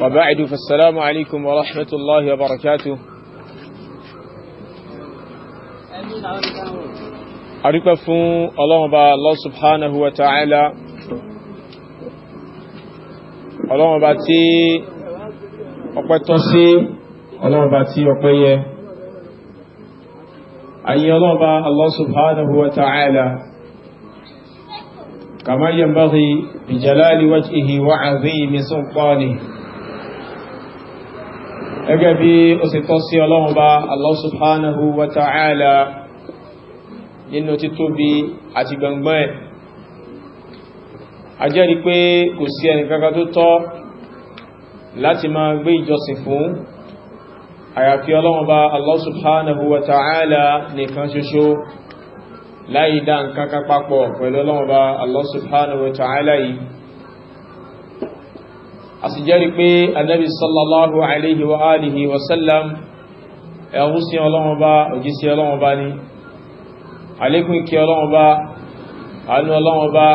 وبعد فالسلام عليكم ورحمة الله وبركاته أريكم فون الله با الله سبحانه وتعالى الله با تي ọpẹ́ tọ́ sí ọlọ́ọ̀bá tí ọpẹ́ yẹ ayé ọlọ́ọ̀bá Allah subhanahu wa كما ينبغي بجلال وجهه وعظيم سلطانه gẹ́gẹ́ bí ó sì tọ́ sí ọlọ́run bá Allah subhanahu wa ta'ala nínú títóbi àti gbangban ẹ̀ a jẹ́rìí pé kò sí ẹnìkankan tó tọ́ láti máa gbé ìjọsìn fún àyàfi ọlọ́run bá Allah subhanahu nìkan ṣoṣo láì dá nǹkan kan papọ̀ pẹ̀lú Ọlọ́run Ọba Allah subhanahu wa ta'ala yìí a sì jẹ́rìí pé anábi sallallahu alaihi wa alihi wa sallam ẹ̀rú sí Ọlọ́run Ọba òjísí Ọlọ́run Ọba ni alékún kí Ọlọ́run Ọba anú Ọlọ́run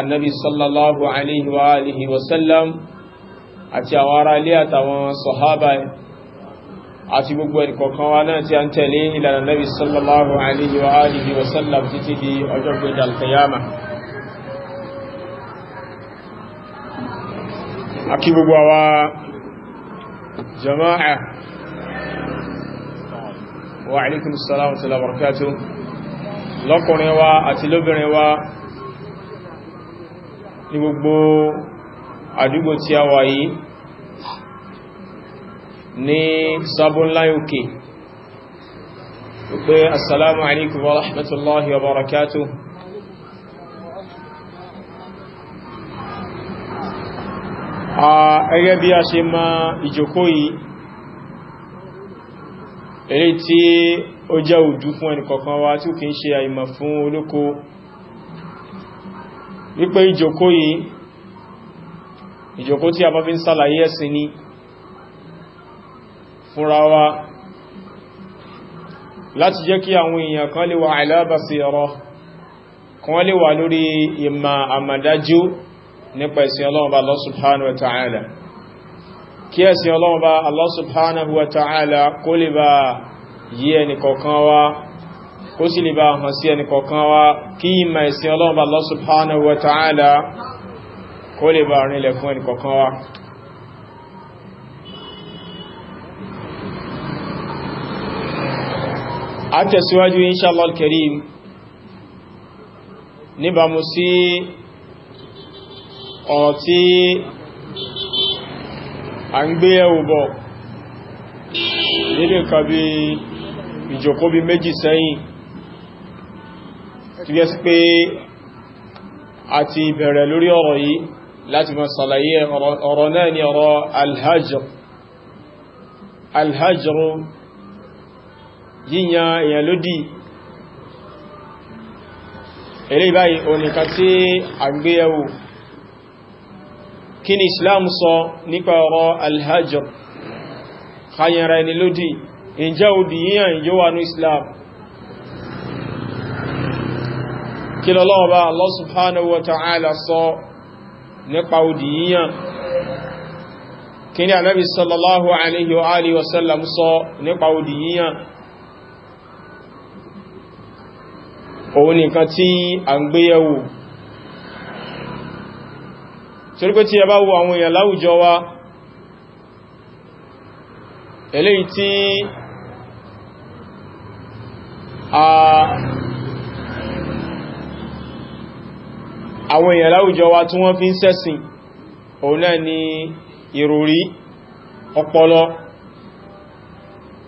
annabi sallallahu alaihi wa alihi wa àti àwọn ará ilé àtàwọn sọ̀hábà àti gbogbo ẹnìkọ̀ọ̀kan wa náà tí a ń tẹ̀lé ìlànà nabi sallallahu alaihi wa alihi wa sallam títí di ọjọ́ gbẹ̀dẹ̀ alkayama àkí gbogbo àwa jama'a wa alaikum salam wa lọ́kùnrin wa àti lóbìnrin wa ní gbogbo àdúgbò tí a wà yìí ní Sabon Layoke assalamu alaikum wa rahmatullahi wa barakatuh a ẹgẹ́ bí a ṣe ma ìjòkó yìí eré tí ó jẹ́ òjú fún ẹnìkọ̀kan wa tí ó kìí ṣe àìmọ̀ fún olóko wípé ìjòkó yìí ìjòkó tí a bá fi ń sàlàyé ẹ̀sìn ni fúnra wa láti jẹ́ kí àwọn èèyàn kan lè wà àìlábàsí ọ̀rọ̀ kan lè wà lórí ìmà àmàdájú nípa ẹ̀sìn Ọlọ́run bá Allah subhanahu wa ta'ala kí ẹ̀sìn Ọlọ́run bá Allah subhanahu kó lè bá yí ẹnìkọ̀ọ̀kan wá kó sì lè bá hàn sí ẹnìkọ̀ọ̀kan wá kí ìmà ẹ̀sìn Ọlọ́run Allah subhanahu wa ta'ala kó lè bá rìnlẹ̀ fún ẹni kọ̀kan wá a tẹ̀síwájú inṣàlọ́l karim níbàmú sí ọ̀rọ̀ tí a ń gbé ẹwù bọ̀ nínú nǹkan bí ìjòkó bí méjì sẹ́yìn tí yẹ́ sí pé àti ìbẹ̀rẹ̀ lórí ọ̀rọ̀ yìí láti mọ́ sàlàyé ọ̀rọ̀ náà ni ọ̀rọ̀ alhajr alhajr yíyan èyàn lódí eléyìí báyìí oníkà tí àgbéyẹ̀wò kí ni islam sọ nípa ọ̀rọ̀ alhajr kayẹ̀ra ẹni lódí ìjẹ́ òdí yíyàn yíwà ní islam kí lọ́lọ́wọ́ bá Allah subhanahu nípa odì yíyàn kí ni ànábì sallallahu alayhi wa alihi wa sallam sọ nípa odì yíyàn òun nìkan tí a ń gbéyẹ̀wò torí tí ẹ bá wo àwọn èèyàn láwùjọ wa eléyìí tí a àwọn èèyàn láwùjọ wa tí wọ́n fi ń sẹ́sìn òun náà ni ìròrí ọpọlọ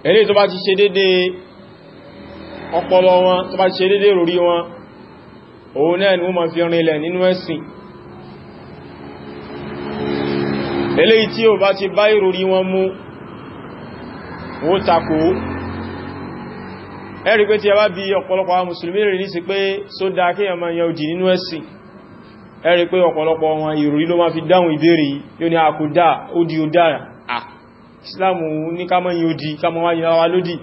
eléyìí tó bá ti ṣe dédé ọpọlọ wọn tó bá ti ṣe dédé ìròrí wọn òun náà ni wọ́n ma fi rinlẹ̀ nínú ẹ̀sìn eléyìí tí ó bá ti bá ìròrí wọn mú wó takò ẹ̀rí pé tí a bá bí ọ̀pọ̀lọpọ̀ àwọn mùsùlùmí rẹ̀ ní sí pé só dáa kí èèyàn yan òdì nínú ẹ̀sìn ẹ rí pé ọ̀pọ̀lọpọ̀ wọn ìròrí ló máa fi dáhùn ìbéèrè yóò ní àkódá ó di ó dára à Islam ní kámọ́ yìí ó di kámọ́ wáyé náwà lódì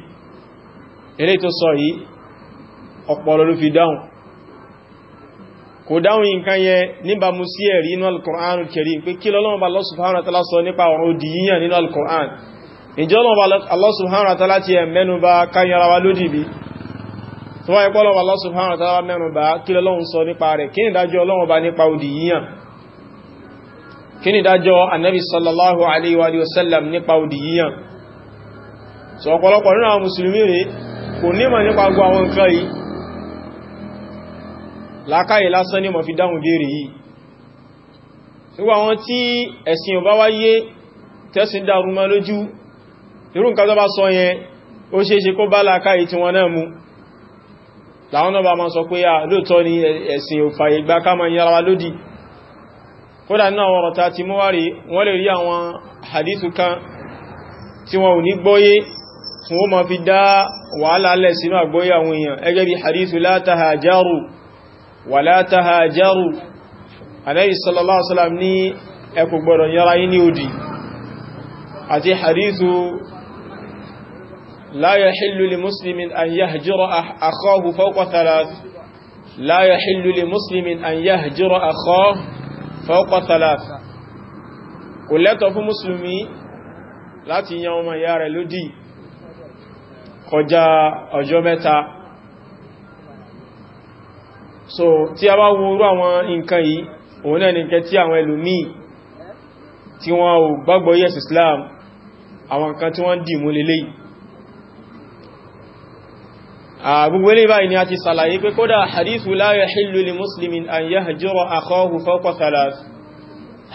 eré tó sọ yìí ọpọlọ ló fi dáhùn kò dáhùn nǹkan yẹn níbàmú sí ẹ̀rí inú al-Qur'an al-Karim pé kí lọ́lọ́wọ́ bá Allah subhanahu wa ta'ala sọ nípa ọ̀rọ̀ òdì al-Qur'an ìjọ́lọ́wọ́ bá Allah subhanahu wa ta'ala ti ẹ̀ mẹ́nu bá káyànra wa tó wáyé pọ́lọ̀ Allah subhanahu wa ta'ala mẹ́rin bá kí lọ́lọ́run sọ nípa rẹ̀ kí ni ìdájọ́ Ọlọ́run bá nípa odì yíyàn kí ni ìdájọ́ annabi sallallahu alaihi wa sallam nípa odì yíyàn so ọ̀pọ̀lọpọ̀ nínú àwọn musulmi rẹ̀ kò nímọ̀ nípa gbogbo àwọn nǹkan yìí lákàyè lásán ní mọ̀ fi dáhùn béèrè yìí kó bá lákàyè tí wọn náà mú láwọn náà bá ma sọ pé lóòtọ́ ni ẹ̀sìn ò fàyè gbà ká ma yára wa lódì kódà náà wọ́n rọ̀ta ti mọ́wárí wọ́n lè rí àwọn hadithu kan tí wọ́n ò ní gbọ́yé fún ó ma fi dá wàhálà alẹ́ sínú àgbọ́yé àwọn èèyàn ẹgẹ́ لا يحل لمسلم أن يهجر أخاه فوق ثلاث لا يحل لمسلم أن يهجر أخاه فوق ثلاث kò lẹ́tọ̀ fún mùsùlùmí láti yan ọmọ ìyá rẹ̀ lódì kọjá ọjọ́ mẹ́ta so tí a bá wo orú àwọn nǹkan yìí òun náà nìkan tí àwọn ẹlòmí tí wọ́n gbàgbọ́ yes Islam àwọn nǹkan tí wọ́n dì mú lélẹ́yìí gbogbo ilé báyìí ni a ti sàlàyé pé kódà hadithu la yahillu li muslimin an yahjura akhahu fawqa thalath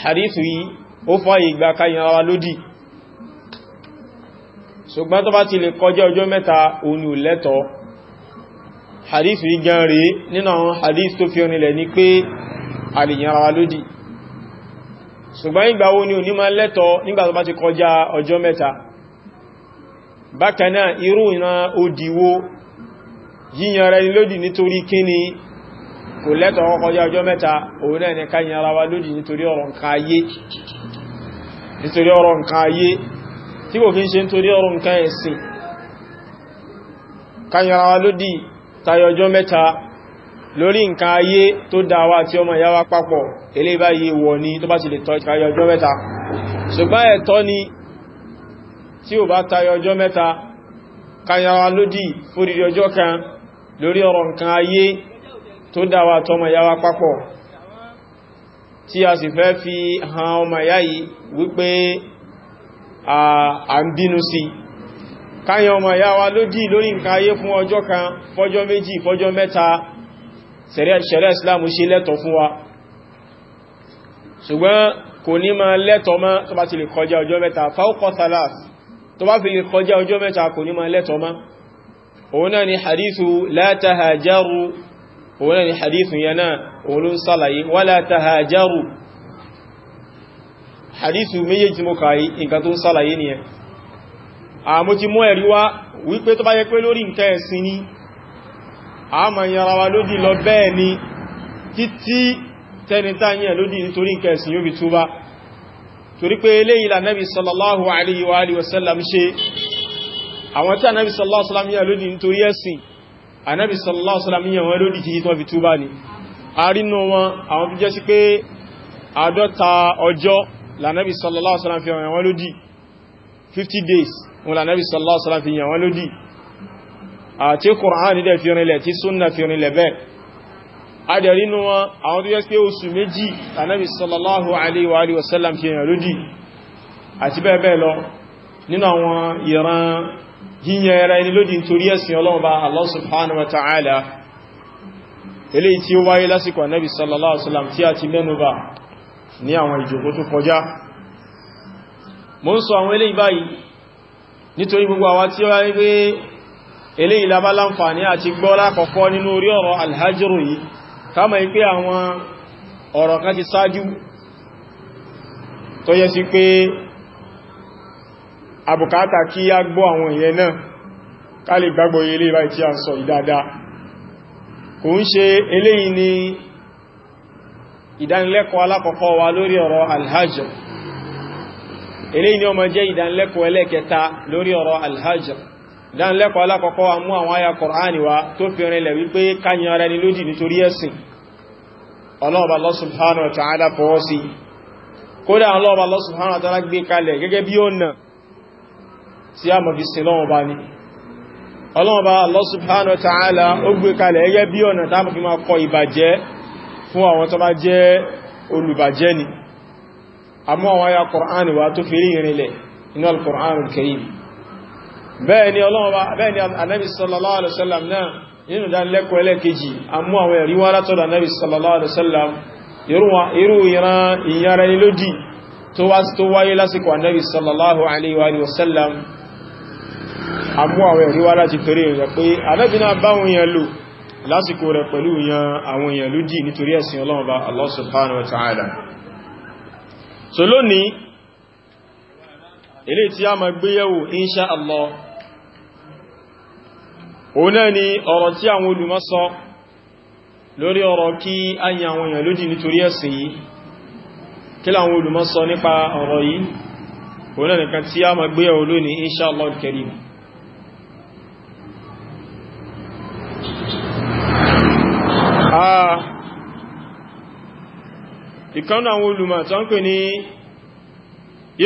hadithu yìí ó fọ́ ìgbà kayan ara lódì ṣùgbọ́n tó bá ti lè kọjá ọjọ́ mẹ́ta òní ò lẹ́tọ̀ọ́ hadithu yìí gan rí nínú àwọn hadith tó fi onílẹ̀ ní pé àlèyàn ara lódì yíyanra ẹni lódì nítorí kíni kò lẹ́tọ̀ kọjá ọjọ́ mẹ́ta òun náà ni káyanra wa lódì nítorí ọ̀rọ̀ nǹkan ayé nítorí ọ̀rọ̀ nǹkan ayé tí kò kí ń ṣe nítorí ọ̀rọ̀ nǹkan ẹ̀sìn káyanra wa lódì tayọ ọjọ́ mẹ́ta lórí nǹkan ayé tó dáwà tí ọmọ ìyá wa papọ̀ eléyìí lódì fórí ọjọ́ kan lórí ọ̀rọ̀ nǹkan ayé tó dáwà tọmọ yáwá papọ̀ tí a sì fẹ́ fi hàn ọmọ yá yìí wípé a ń bínú sí káyàn ọmọ yá wa lódì lórí nǹkan ayé fún ọjọ́ kan fọ́jọ́ méjì fọ́jọ́ mẹ́ta ṣẹ̀rẹ́ Islam ṣe lẹ́tọ̀ fún wa ṣùgbọ́n kò ní máa lẹ́tọ̀ mọ́ tó bá ti lè kọjá ọjọ́ mẹ́ta fáwọ́kọ́ thalas tó bá fi òun náà ni hadithu la tahajaru òun náà ni hadithu yana òun ló ń sálàyé wala tahajaru hadithu méjèèjì mọ́ kàáyí nǹkan tó ń sálàyé ni ẹ àmú ti mọ́ ẹ̀rí wá wípé tó bá yẹ pé lórí nǹkan ẹ̀sìn ni a ma yara wa lódì lọ bẹ́ẹ̀ ni títí tẹnita yẹn lódì nítorí nǹkan ẹ̀sìn yóò fi túbá torí pé eléyìí la sallallahu alaihi wa alihi ṣe àwọn tí anábi sallallahu alaihi wasallam yà lódì nítorí ẹ̀sìn anábi sallallahu alaihi yà wọ́n lódì títí tó fi túbá ni a rínú wọn àwọn tó jẹ́ sí pé àádọ́ta ọjọ́ lànábi sallallahu alaihi yà wọ́n lódì 50 days wọn lànábi sallallahu alaihi yà wọ́n lódì nínú àwọn ìran yíyan ẹra ẹni lódì nítorí ẹ̀sìn ọlọ́run bá Allah subhanahu wa ta'ala eléyìí tí ó wáyé lásìkò Ànábì sallallahu alaihi wasallam tí a ti mẹ́nubà ní àwọn ìjókòó tó kọjá mo ń sọ àwọn eléyìí báyìí nítorí gbogbo àwa tí ó kama ipé àwọn ọ̀rọ̀ kan ti àbùkátà kí a gbọ́ àwọn ìyẹn náà ká lè gbàgbọ́ ilé ìbá tí a sọ ìdáadáa kò ń ṣe eléyìí ni ìdánilẹ́kọ̀ọ́ alákọ̀ọ́kọ́ wa lórí ọ̀rọ̀ alhajr eléyìí ni ó máa jẹ́ ìdánilẹ́kọ̀ọ́ ẹlẹ́kẹta lórí ọ̀rọ̀ alhajr ìdánilẹ́kọ̀ọ́ alákọ̀ọ́kọ́ wa mú àwọn àyà Kùránì wa tó fi rinlẹ̀ wípé káyàn ara ẹni lódì nítorí tí a mọ̀ fi sin lọ́wọ́ bá ní ọlọ́wọ́ bá Allah subhanahu wa ta'ala ó gbé kalẹ̀ ẹgẹ́ bí ọ̀nà tá mọ̀ fi máa kọ ìbàjẹ́ fún àwọn tó bá jẹ́ olùbàjẹ́ ni àmọ́ àwọn ayá Qur'an wà tó fi rírinlẹ̀ inú al-Qur'an al-Karim bẹ́ẹ̀ ni ọlọ́wọ́ bá bẹ́ẹ̀ ni Ànábì sallallahu alaihi wasallam náà nínú ìdánilẹ́kọ̀ọ́ ẹlẹ́kejì àmú àwọn ẹ̀rí wá àmú àwọn ẹ̀rí wá láti torí rẹ̀ pé alẹ́bìnà báwọn èèyàn lò lásìkò rẹ̀ pẹ̀lú yan àwọn èèyàn lódì nítorí subhanahu wa ta'ala so lónìí ilé tí a insha Allah òun ni ọ̀rọ̀ tí àwọn olùmọ̀ sọ lórí ọ̀rọ̀ kí a yan àwọn èèyàn lódì nítorí ẹ̀sìn yìí kí láwọn olùmọ̀ nìkan tí a máa gbéyẹ̀wò lónìí insha Allah al Ah. ìkan náà àwọn olùmọ̀ tó ń pè ní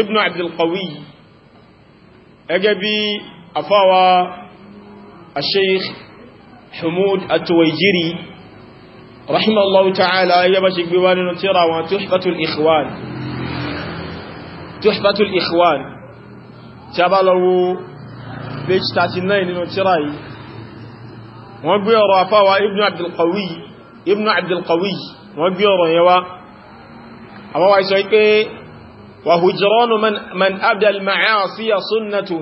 ibn abdulkawi ẹgẹ́ bí afáwa asheikh hamud atuwaijiri rahimallahu ta'ala ya bá ṣe gbé wá nínú tíra wọn tuhfatul ikhwan tí a bá lọ́wọ́ page 39 nínú tíra yìí wọ́n gbé ọ̀rọ̀ afáwa ibn abdulkawi ibn abd al-qawi wọ́n bi yẹn wá àwọn wa sọ pé wa hujranu man man abda al-ma'asi sunnatu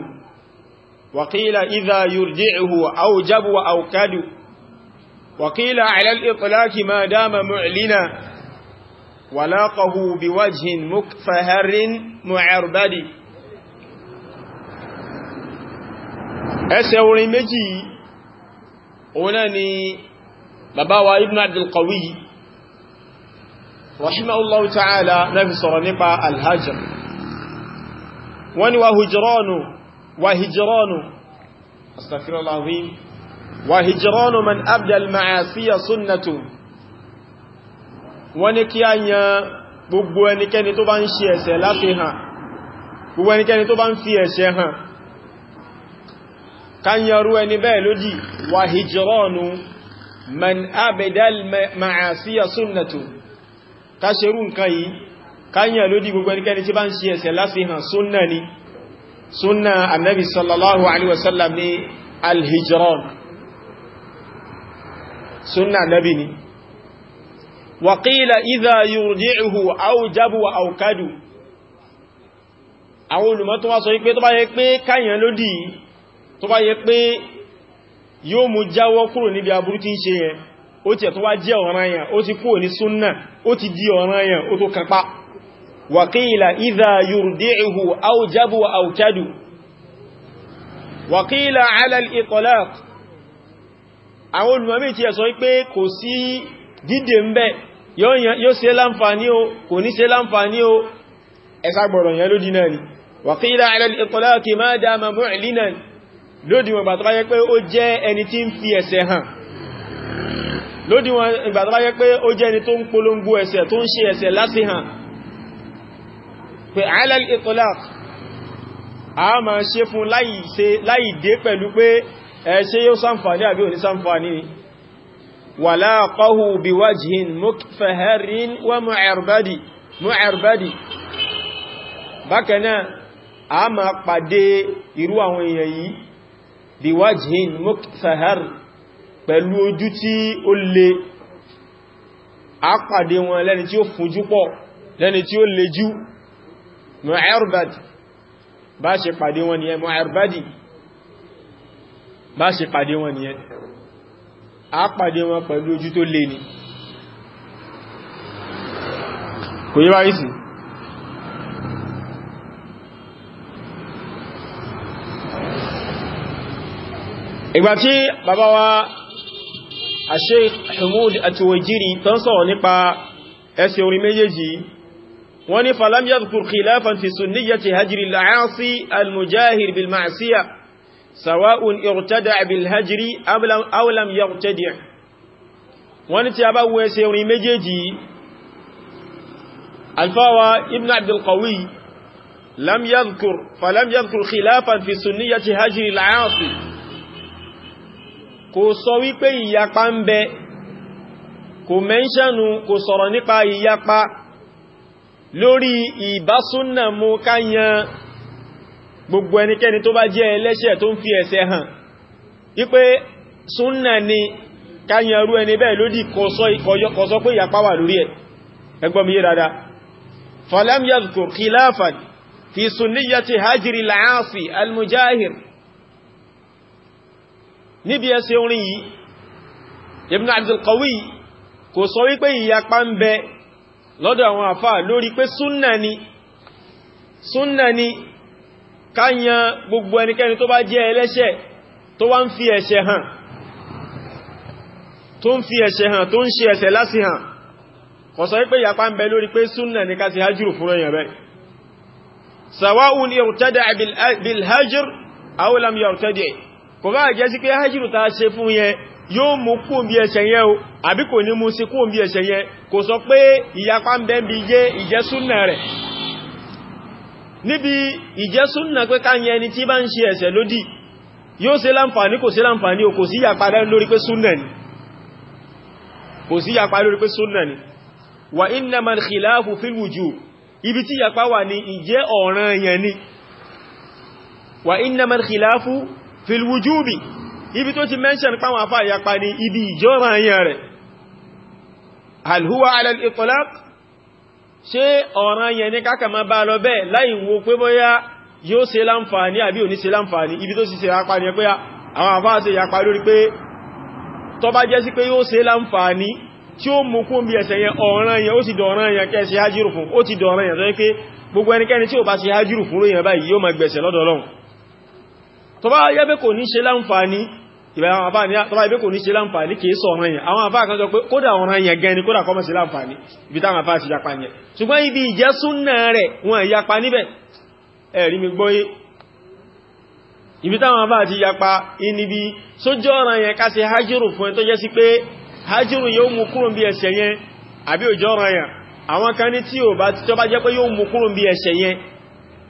wa qila idha yurji'uhu aw jabu aw kadu wa qila 'ala al-itlaq ma dama mu'lina wa laqahu bi wajhin مكفهر mu'arbadi ẹsẹ̀ orin méjì ona ni bàbá wa ibn abdulkawi rahimahullahu ta'ala náà fi sọ̀rọ̀ nípa alhajar wọ́n ni wa hujranu wa hijranu astaghfirullah azim wa hijranu man abdal ma'asiya sunnatu wọ́n ni kí a yan gbogbo ẹnikẹ́ni tó bá ń ṣe ẹ̀ṣẹ̀ láfihàn gbogbo ẹnikẹ́ni tó bá ń fi ẹ̀ṣẹ̀ hàn ká yanrú ẹni bẹ́ẹ̀ lódì wà hijrọ́nù man abidal ma'asiya sunnatu ká ṣe rú nǹkan yìí káyàn lódí gbogbo ẹnikẹ́ni tí bá ń ṣe ẹ̀ṣẹ̀ láfihàn súnnà ni súnnà annabi sallallahu alaihi wasallam ni alhijron súnnà annabi ni wàkílà idha yurji'uhu awjabu wa aukadu àwọn olùmọ̀ tó wá sọ pé tó bá yẹ pé káyàn lódí tó bá yẹ pé yóò mú jáwọ́ kúrò níbi aburú tí ń ṣe yẹn ó ti ẹ̀tún wá jẹ́ ọ̀ràn yẹn ó ti kúrò ní súnnà ó ti di ọ̀ràn yẹn ó tó kapa wàkíìlà ìdá yurdi'ihu aujabu wa aukadu wàkíìlà alal àwọn olùmọ̀mí ti ẹ̀sọ́ lódíwọ̀n ìgbà tó bá yẹ pé ó jẹ́ ẹni tí ń fi ẹ̀ṣẹ̀ hàn lódíwọ̀n ìgbà tó bá yẹ pé ó jẹ́ ẹni tó ń polongo ẹ̀ṣẹ̀ tó ń ṣe ẹ̀ṣẹ̀ láti hàn pé ala al-itlaq a máa ṣe fún láì dé pẹ̀lú pé ẹ̀ṣẹ̀ yóò ṣàǹfààní àbí òní ṣàǹfààní walaqahu biwajhin mukfaharin biwajhin muktahar pẹ̀lú ojú tí ó le a pàdé wọn lẹ́ni tí ó fúnjú pọ̀ lẹ́ni tí ó le jú mu'arbad bá ṣe pàdé wọn nìyẹn mu'arbadi bá ṣe pàdé wọn nìyẹn a pàdé wọn pẹ̀lú ojú tó le ni kò yíwá ìsìn igbati bàbá wa Sheikh Humud Atuwajiri tán sọ̀rọ̀ nípa ẹsẹ̀ orin mejeji wọ́n ní falam yadhkur khilafan fi sunniyati hajri al-aasi al-mujahir bil ma'siya sawa'un irtada bil hajri am lam aw lam yartadi wọ́n tí aba wo ẹsẹ̀ orin méjèèjì alfawa ibn abd al Qawi lam yadhkur falam yadhkur khilafan fi sunniyyati hajri al-aasi kò sọ wípé ìyapa ń bẹ kò mẹ́ṣẹ́nu kò sọ̀rọ̀ nípa ìyapa lórí ìbásúnnà mú káyan gbogbo ẹnikẹ́ni tó bá jẹ́ ẹlẹ́ṣẹ̀ tó ń fi ẹ̀ṣẹ̀ hàn wípé súnnà ni káyan rú ẹni bẹ́ẹ̀ lódì kò sọ pé ìyapa wà lórí ẹ̀ ẹ gbọ́ fi sunniyati hajri al-aasi al-mujahir níbi ẹsẹ orin yìí Ibn Abdul Qawi kò sọ wípé ìyapa ń bẹ lọ́dọ̀ àwọn àfà lórí pé súnnà ni súnnà ni káyan gbogbo ẹnikẹ́ni tó bá jẹ́ ẹlẹ́ṣẹ̀ tó wá ń fi ẹ̀ṣẹ̀ hàn tó ń fi ẹ̀ṣẹ̀ hàn tó ń ṣe ẹ̀ṣẹ̀ lásì hàn kò sọ wípé ìyapa ń bẹ lórí pé súnnà ni ká sì hajjúrù fún ẹ̀yàn bẹ́ẹ̀ sawa'un irtada bil kò bá jẹ́ sí pé hajjúrù ta ṣe fún yẹn yóò mú kún bí ẹ̀ṣẹ̀ yẹn o àbí kò ní mú sí kún bí ẹ̀ṣẹ̀ yẹn kò sọ pé ìyapa ń bẹ bí jẹ́ ìjẹ́súnà rẹ̀ níbi ìjẹ́súnà pé ká yẹn ni tí bá ń ṣe ẹ̀ṣẹ̀ lódì yóò ṣe láǹfààní kò ṣe láǹfààní kò sí ìyapa lórí pé súnà ni kò sí ìyapa khilafu filwujubi ibi tó ti mention pàwọn afá ìyapa ni ibi ìjọra ayẹ́ rẹ̀ alhuwa alal itlaq ṣe ọ̀ràn ayẹ́ ní káka ma bá lọ bẹ́ẹ̀ láì wo pé bóyá yóò ṣe láǹfààní àbí ò ní ṣe láǹfààní ibi tó sì ṣe yapa ni pé àwọn afá ṣe yapa lórí pé tó bá jẹ́ sí pé yóò ṣe láǹfààní tí ó mú kún bí ẹsẹ̀ yẹn ọ̀ràn tó bá yẹ pé kò ní ṣe láǹfààní ìbẹ̀rẹ̀ àwọn àbá ní tó bá yẹ pé kò kìí sọ ọ̀ràn yẹn àwọn àbá kan sọ pé kódà ọ̀ràn yẹn gan ni kódà kò má ṣe láǹfààní ibi táwọn àbá ti yapa yẹn ṣùgbọ́n ibi ìjẹ́ súnà rẹ̀ wọn yapa níbẹ̀ ẹ̀rí mi gbọ́yé ibi táwọn àbá ti yapa inibi sójú ọ̀ràn yẹn ká ṣe hájírù fún ẹ tó jẹ́ sí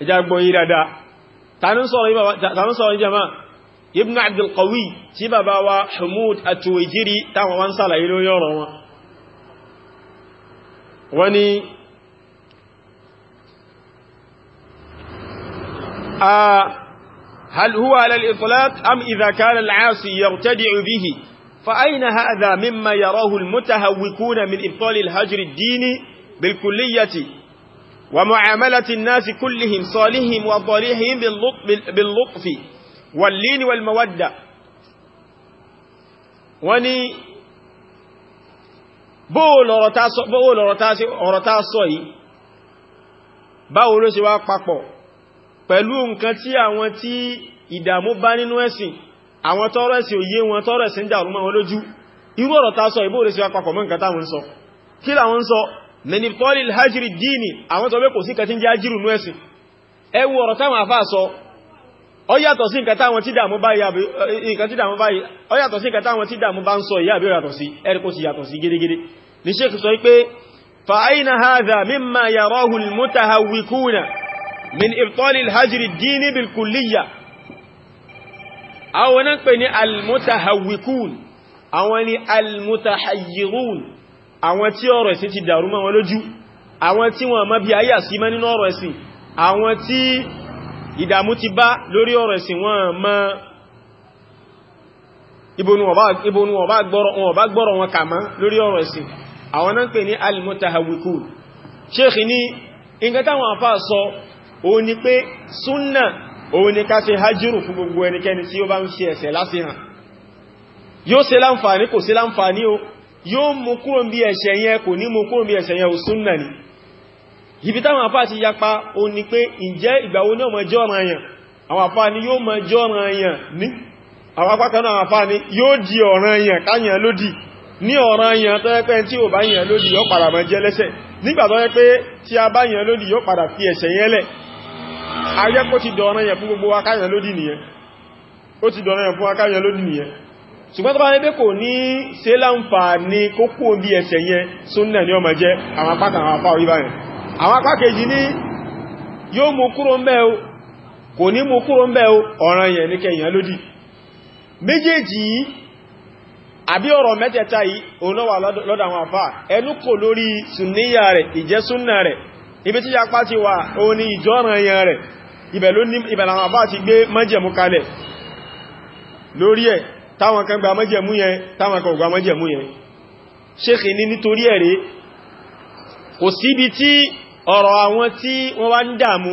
ìjà gbọ́n yí dáadáa tàní sọ̀rọ̀ ìjẹma ibn abdulkawi tí bàbá wa hamud atuwejiri táwọn wọ́n sàlàyé lórí ọ̀rọ̀ wọn wọ́n ni هل هو على الإطلاق أم إذا كان العاصي يرتدع به فأين هذا مما يراه المتهوكون من إبطال الهجر الديني بالكلية ومعاملة الناس كلهم صالحهم وضريحهم باللطف واللين والمودة وني بول ọ̀rọ̀ بول sọ yìí báwo ló ṣe wá papọ̀ pẹ̀lú nǹkan tí àwọn tí ìdàmú bá nínú ẹ̀sìn àwọn tọ́rọ ẹ̀sìn òye wọn tọ́rọ ẹ̀sìn dàrú mọ́ wọn lójú irú ọ̀rọ̀ sọ yìí bóòlù ṣe mọ́ nǹkan táwọn ń sọ kí làwọn ń sọ mẹ́ni tọ́lì hajjiri dìní àwọn tọ́wẹ́ kò sí kàtí jẹ́ ajírù ní ẹ̀sìn ẹwù ọ̀rọ̀ táwọn àfáà sọ ó yàtọ̀ sí nǹkan táwọn tí dàmú bá ń sọ ìyá àbí yàtọ̀ sí ẹ̀rí kò sí yàtọ̀ sí gẹ́gẹ́gẹ́ ní ṣe sọ pé fa'aina haza mimma yarahu almutahawwikuna min ibtal alhajr ad-din bil kulliyya àwọn pè ní almutahawwikun àwọn ni almutahayyirun àwọn tí ọ̀rọ̀ ẹ̀sìn ti dàrú mọ́ wọn lójú àwọn tí wọ́n mọ̀ bí ayé àsímọ́ nínú ọ̀rọ̀ ẹ̀sìn àwọn tí ìdàmú ti bá lórí ọ̀rọ̀ ẹ̀sìn wọ́n mọ̀ ibonu wọn bá gbọ́rọ̀ wọn kà mọ́ lórí ọ̀rọ̀ ẹ̀sìn àwọn náà ń pè ní al-mutahawwiku ṣéèkì o yóò mú kúrò bí ẹ̀ṣẹ̀ yẹn kò ní mú kúrò bí ẹ̀ṣẹ̀ yẹn òsúnnà ni ibi táwọn àfáà ti yapa o ni pé ǹjẹ́ ìgbàwo ní ọmọ jọ́ràn àyàn àwọn àfáà ni yóò mọ jọ́ràn àyàn ní àwọn apákan náà àfáà ni yóò di ọ̀ràn àyàn káyàn lódì ní ọ̀ràn àyàn tó yẹ pé tí ò bá yàn lódì yóò padà mọ jẹ́ lẹ́ṣẹ̀ nígbà tó yẹ pé tí a bá yàn lódì yóò padà fi ẹ̀ṣẹ̀ yẹn lẹ̀ ayẹ́pọ̀ ti dọ̀ràn àyàn fún gbogbo wa káyàn lódì nìyẹn ó ti dọ̀ràn àyàn fún wa káyàn lódì nìyẹn ṣùgbọ́n tó bá níbé kò ní ṣe láǹfà ní kó kú bí ẹsẹ̀ yẹn súnnà ní ọmọ jẹ́ àwọn apá kan àwọn apá orí báyìí àwọn apá kejì ní yóò mú kúrò ń bẹ́ o kò ní mú kúrò ń bẹ́ o ọ̀ràn yẹn ní kẹyàn lódì méjèèjì yìí àbí lórí ẹ̀ táwọn kan gba májẹ̀mú yẹn táwọn kan gba májẹ̀mú yẹn ṣéèkì ní nítorí ẹ̀rẹ́ kò síbi tí ọ̀rọ̀ àwọn tí wọ́n wá ń dàmú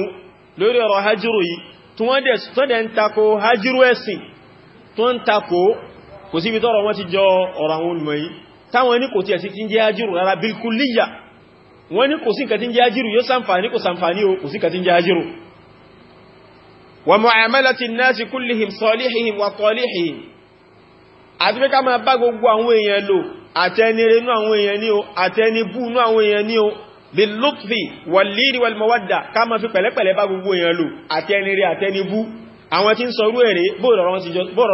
lórí ọ̀rọ̀ hajjúrù yìí tí wọ́n dẹ̀ ń takò hajjúrù ẹ̀sìn tó ń takò kò síbi tọ́rọ wa mu'amalati an kullihim salihihim wa talihihim àti pé ká máa bá gbogbo àwọn èèyàn lò àtẹni renú àwọn èèyàn ní o àtẹni búnú àwọn èèyàn ní o lè lókfì wàlírí wàlmọ́wàdà ká máa fi pẹ̀lẹ́pẹ̀lẹ́ bá gbogbo èèyàn lò àtẹni rí àtẹni bú àwọn tí ń sọrú èrè bóòrọ̀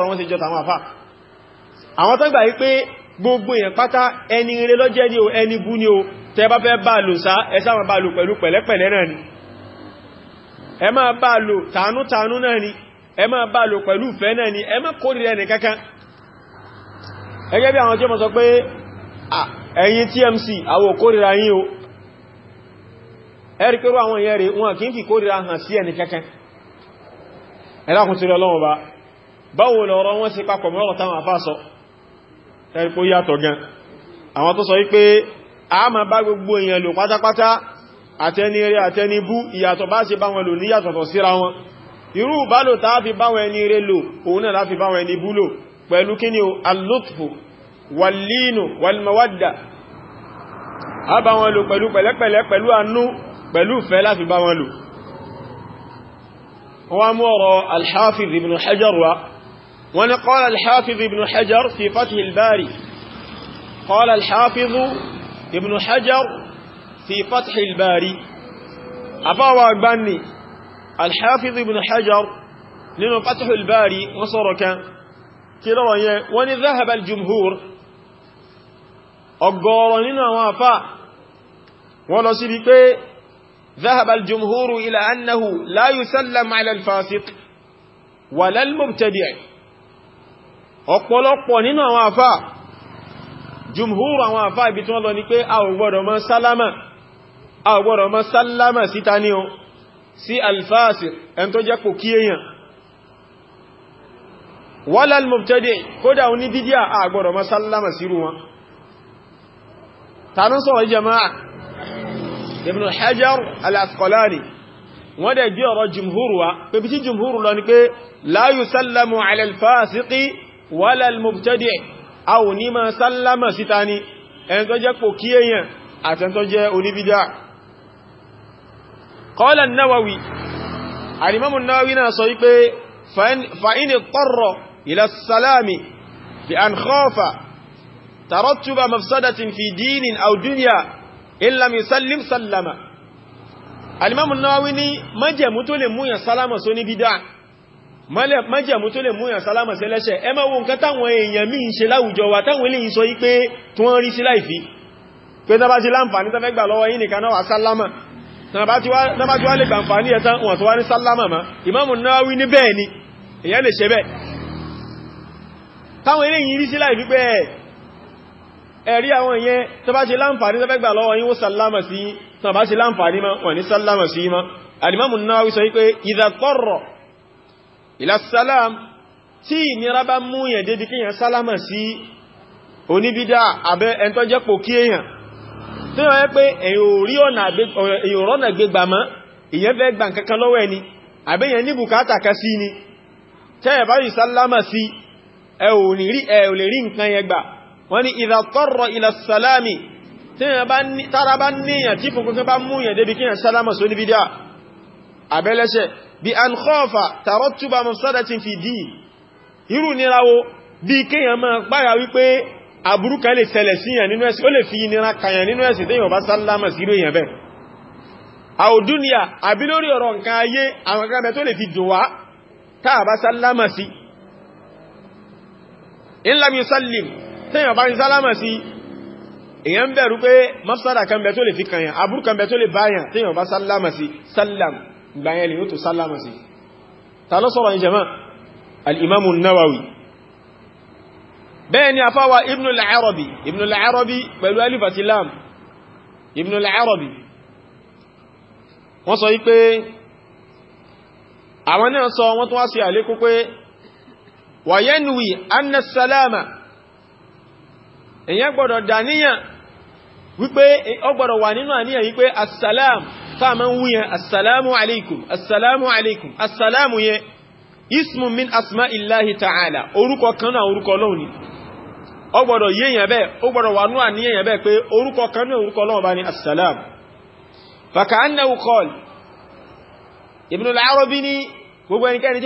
wọn sí jọ tàwọn àfà àwọn tó gbà yí pé gbogbo èèyàn pátá ẹni rere ló ní o ẹni bú ní o tẹ bá fẹ́ bá lò sá ẹ sáwọn bá lò pẹ̀lú pẹ̀lẹ́pẹ̀lẹ́ náà ni ẹ máa bá lò tàánútàánú náà ni ẹ máa bá lò pẹ̀lú ìfẹ́ náà ni ẹ má kórìíra ẹnì kankan gẹ́gẹ́ bí àwọn tí mọ̀ sọ pé ẹ̀yin TMC àwọn òkórira yín o ẹ̀rí pẹ̀rọ àwọn ìyẹ́ rẹ̀ wọn kí n fi kórira hàn sí ẹni kẹ́kẹ́ ẹ̀lákùn tí lọ́wọ́ bá báwo lọ́rọ̀ wọ́n sí papọ̀ mọ́rọ̀ táwọn àfá sọ ẹ̀rí pó yàtọ̀ gan àwọn tó sọ wípé a ma bá gbogbo èèyàn lò pátápátá àtẹni rẹ̀ àtẹni irú bá lò báwọn ẹni rẹ̀ lò òun náà láfi báwọn ẹni bú lò pẹ̀lú kíni o alótfò wàlínù wàlmọ̀wádà a bá wọn lò pẹ̀lú pẹ̀lẹ́pẹ̀lẹ́ pẹ̀lú àánú pẹ̀lú ìfẹ́ láti bá wọn lò wọ́n mú ọ̀rọ̀ alhafiz ibn hajar wa wọ́n ni qala alhafiz ibn hajar fi fathi albari qala alhafiz ibn hajar fi fathi albari a bá wa gbani alhafiz ibn hajar nínú fathi albari wọ́n sọ̀rọ̀ kan kí lọ́rọ̀ yẹn wọ́n ni zahaba aljumhur ọgọ́rọ̀ nínú àwọn àfá wọ́n lọ sí bí pé zahabal jumhuru ila annahu la yusallam ala al-fasiq wala al-mubtadi' ọ̀pọ̀lọpọ̀ nínú àwọn àfá jumhuru àwọn àfá ibi tí wọ́n lọ ní pé a mọ́ sálámà síta ní o sí al ẹn tó jẹ́ kò kí kódà oní dídíà a gbọ́dọ̀ mọ́ sálámà tàbí sọ̀rọ̀ jama'a ibn hajar al-asqalani wọ́n dẹ̀ gbé ọ̀rọ̀ jùmhúrù wa pé bí tí jùmhúrù lọ ni pé la yusallamu ala al-fasiqi wala al-mubtadi' a ò ní máa sallama síta ni ẹni tó jẹ́ pò kí èyàn àti ترتب مفسدة في دين أو دنيا إن لم يسلم سلم الإمام النووي ní májẹ̀mú tó lè múyàn sálámà sí oníbídà májẹ̀mú tó lè múyàn sálámà sí ẹlẹ́ṣẹ̀ ẹ má wo nǹkan táwọn èèyàn míì ń ṣe láwùjọ wa táwọn ilé ìsọ yí pé tí wọ́n rí sí láìfí pé tàbá ti láǹfàní tàbẹ́ gbà lọ́wọ́ yí nìkan náà sálámà tàbá ti wá lè gbàǹfàní ẹ̀tàn wọ́n tó wá ní sálámà má ìmáàmù Nawawi ní bẹ́ẹ̀ ni èèyàn lè ṣe bẹ́ẹ̀ táwọn ilé yìí rí sí láìfí pé ẹ̀rí àwọn ìyẹn tó bá ṣe láǹfààní tó fẹ́gbà lọ́wọ́ yín wó sí tó bá ṣe láǹfààní ma wọ̀n ní sàlámà sí ma alìmọ́mù náà wíṣọ́ wípé ìdàtọ́rọ̀ ìlàsálàm tí ìnira bá mú yẹn débi kí yẹn sàlámà sí oníbídá abẹ́ ẹntọ́jẹ́ pò kí èèyàn tí wọ́n yẹ pé èyàn rọ́nà gbégbà mọ́ ìyẹn fẹ́ gbà kankan lọ́wọ́ ẹni ni tẹ́ẹ̀ bá yìí sàlámà sí ẹ ò lè rí nǹkan yẹn wọ́n ni ìdàtọ́rọ̀ ilẹ̀ salami tára bá níyàn tí fòkókó bá múyàn débi kíyàn salama só ní bídá abẹ́lẹ́ṣẹ́ bí an kọ́ọ̀fà tàrọ́túbà mọ̀sádàtí fi dì irú nírawo bí kíyàn máa páyà wípé àbúrúkà lè ṣẹlẹ̀ síyàn nínú ẹ̀sìn ó lè fi nira kàyàn nínú ẹ̀sìn tí yàn bá sálámà tẹ́yàn bá ń sálámà sí èyàn bẹ̀rù pé mafsada kan bẹ tó lè fi kàyàn abúrú kan bẹ tó lè báyàn tẹ́yàn bá sálámà sí sálàm gbáyàn lè yóò tó sálámà sí ta ló sọ̀rọ̀ ìjẹmá al'imamu nawawi bẹ́ẹ̀ ni wọ́n sọ wípé àwọn náà sọ wọ́n tún wá sí àlékún pé wàyẹ́nùwì annasalama èyàn gbọ́dọ̀ dàníyàn wípé ó gbọ́dọ̀ wà nínú àníyàn wípé assalam sáàmà ń wúyẹn assalamu alaikum assalamu alaikum assalamu yẹn ismu min asma illahi ta'ala orúkọ kan náà orúkọ Ọlọ́hun ni ó gbọ́dọ̀ yéèyàn bẹ́ẹ̀ ó gbọ́dọ̀ wà nínú àníyàn bẹ́ẹ̀ pé orúkọ kan náà orúkọ Ọlọ́hun bá ní assalam fakaannahu qal Ibn al-Arabi ni gbogbo ẹnikẹ́ni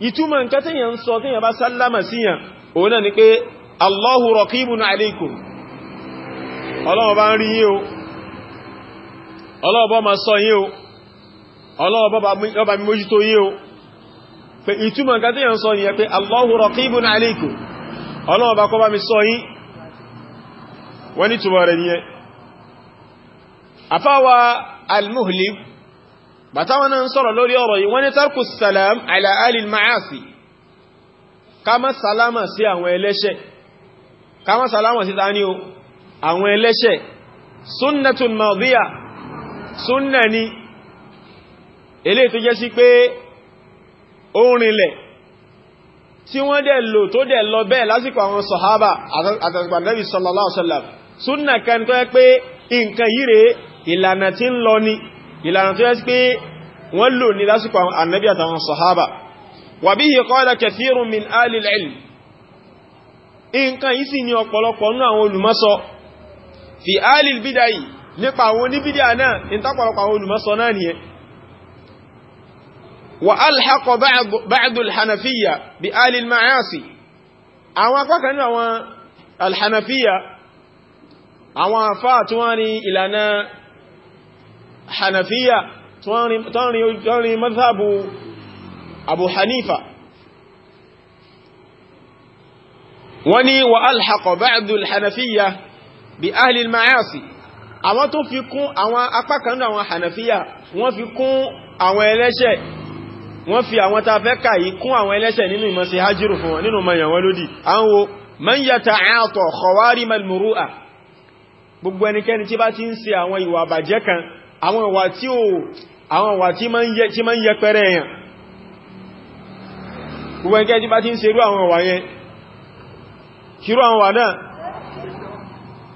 ìtumọ̀ nǹkan tí yẹn ń sọ tí yẹn bá sálámà sí yẹn òun náà ni pé Allahu raqibun alaykum ọlọ́ọ̀bá ń rí yín o ọlọ́ọ̀bá ma ṣọ́ yín o ọlọ́ọ̀bá mi mójútó yín o pé ìtumọ̀ nǹkan tí yẹn sọ bàtàwọn náà ń sọ̀rọ̀ lórí ọ̀rọ̀ yìí wọ́n ní tarku salam ala alil ma'asi kama salama sí àwọn ẹlẹ́ṣẹ̀ kama salama sí tani o àwọn ẹlẹ́ṣẹ̀ sunnatun madhiya sunna ni eléyìí tó jẹ́ sí pé ó tí wọ́n dẹ̀ lò tó dẹ̀ lọ bẹ́ẹ̀ lásìkò àwọn sọ̀hábà àtàgbà sallallahu alaihi sunna kan tó yẹ pé nǹkan yìí ìlànà tí ń lọ ni ìlànà tó yẹ sí pé wọ́n lò ní lásìkò annabi àtàwọn sahaba wà bí i qala kathirun min alil ilm nǹkan yìí sì ni ọ̀pọ̀lọpọ̀ nínú àwọn olùmọ́sọ fi alil bidai nípa àwọn oníbídà náà in tápọ̀lọpọ̀ àwọn olùmọ́sọ náà nìyẹn wà alhaqa ba'du ìlànà hanafiya tó rin mazhabu abu hanifa wọ́n ni wa alhaqa ba'dul hanafiya bi ahli al-ma'asi àwọn tó fi kún àwọn apákanú àwọn hanafiya wọ́n fi kún àwọn ẹlẹ́ṣẹ̀ wọ́n fi àwọn ta fẹ́ kàyí kún àwọn ẹlẹ́ṣẹ̀ nínú ìmọ̀sí hajjiru fún wọn nínú mayan wọn lódì àwọn wo man yata'ata khawarim al gbogbo ẹnikẹ́ni tí bá ti ń ṣe àwọn ìwà kan àwọn ìwà tí ó àwọn ìwà tí ma ń yẹ tí ma ń yẹ pẹ́rẹ èèyàn gbogbo ẹgbẹ́ tí bá ti ń ṣerú àwọn ìwà yẹn ṣirú àwọn ìwà náà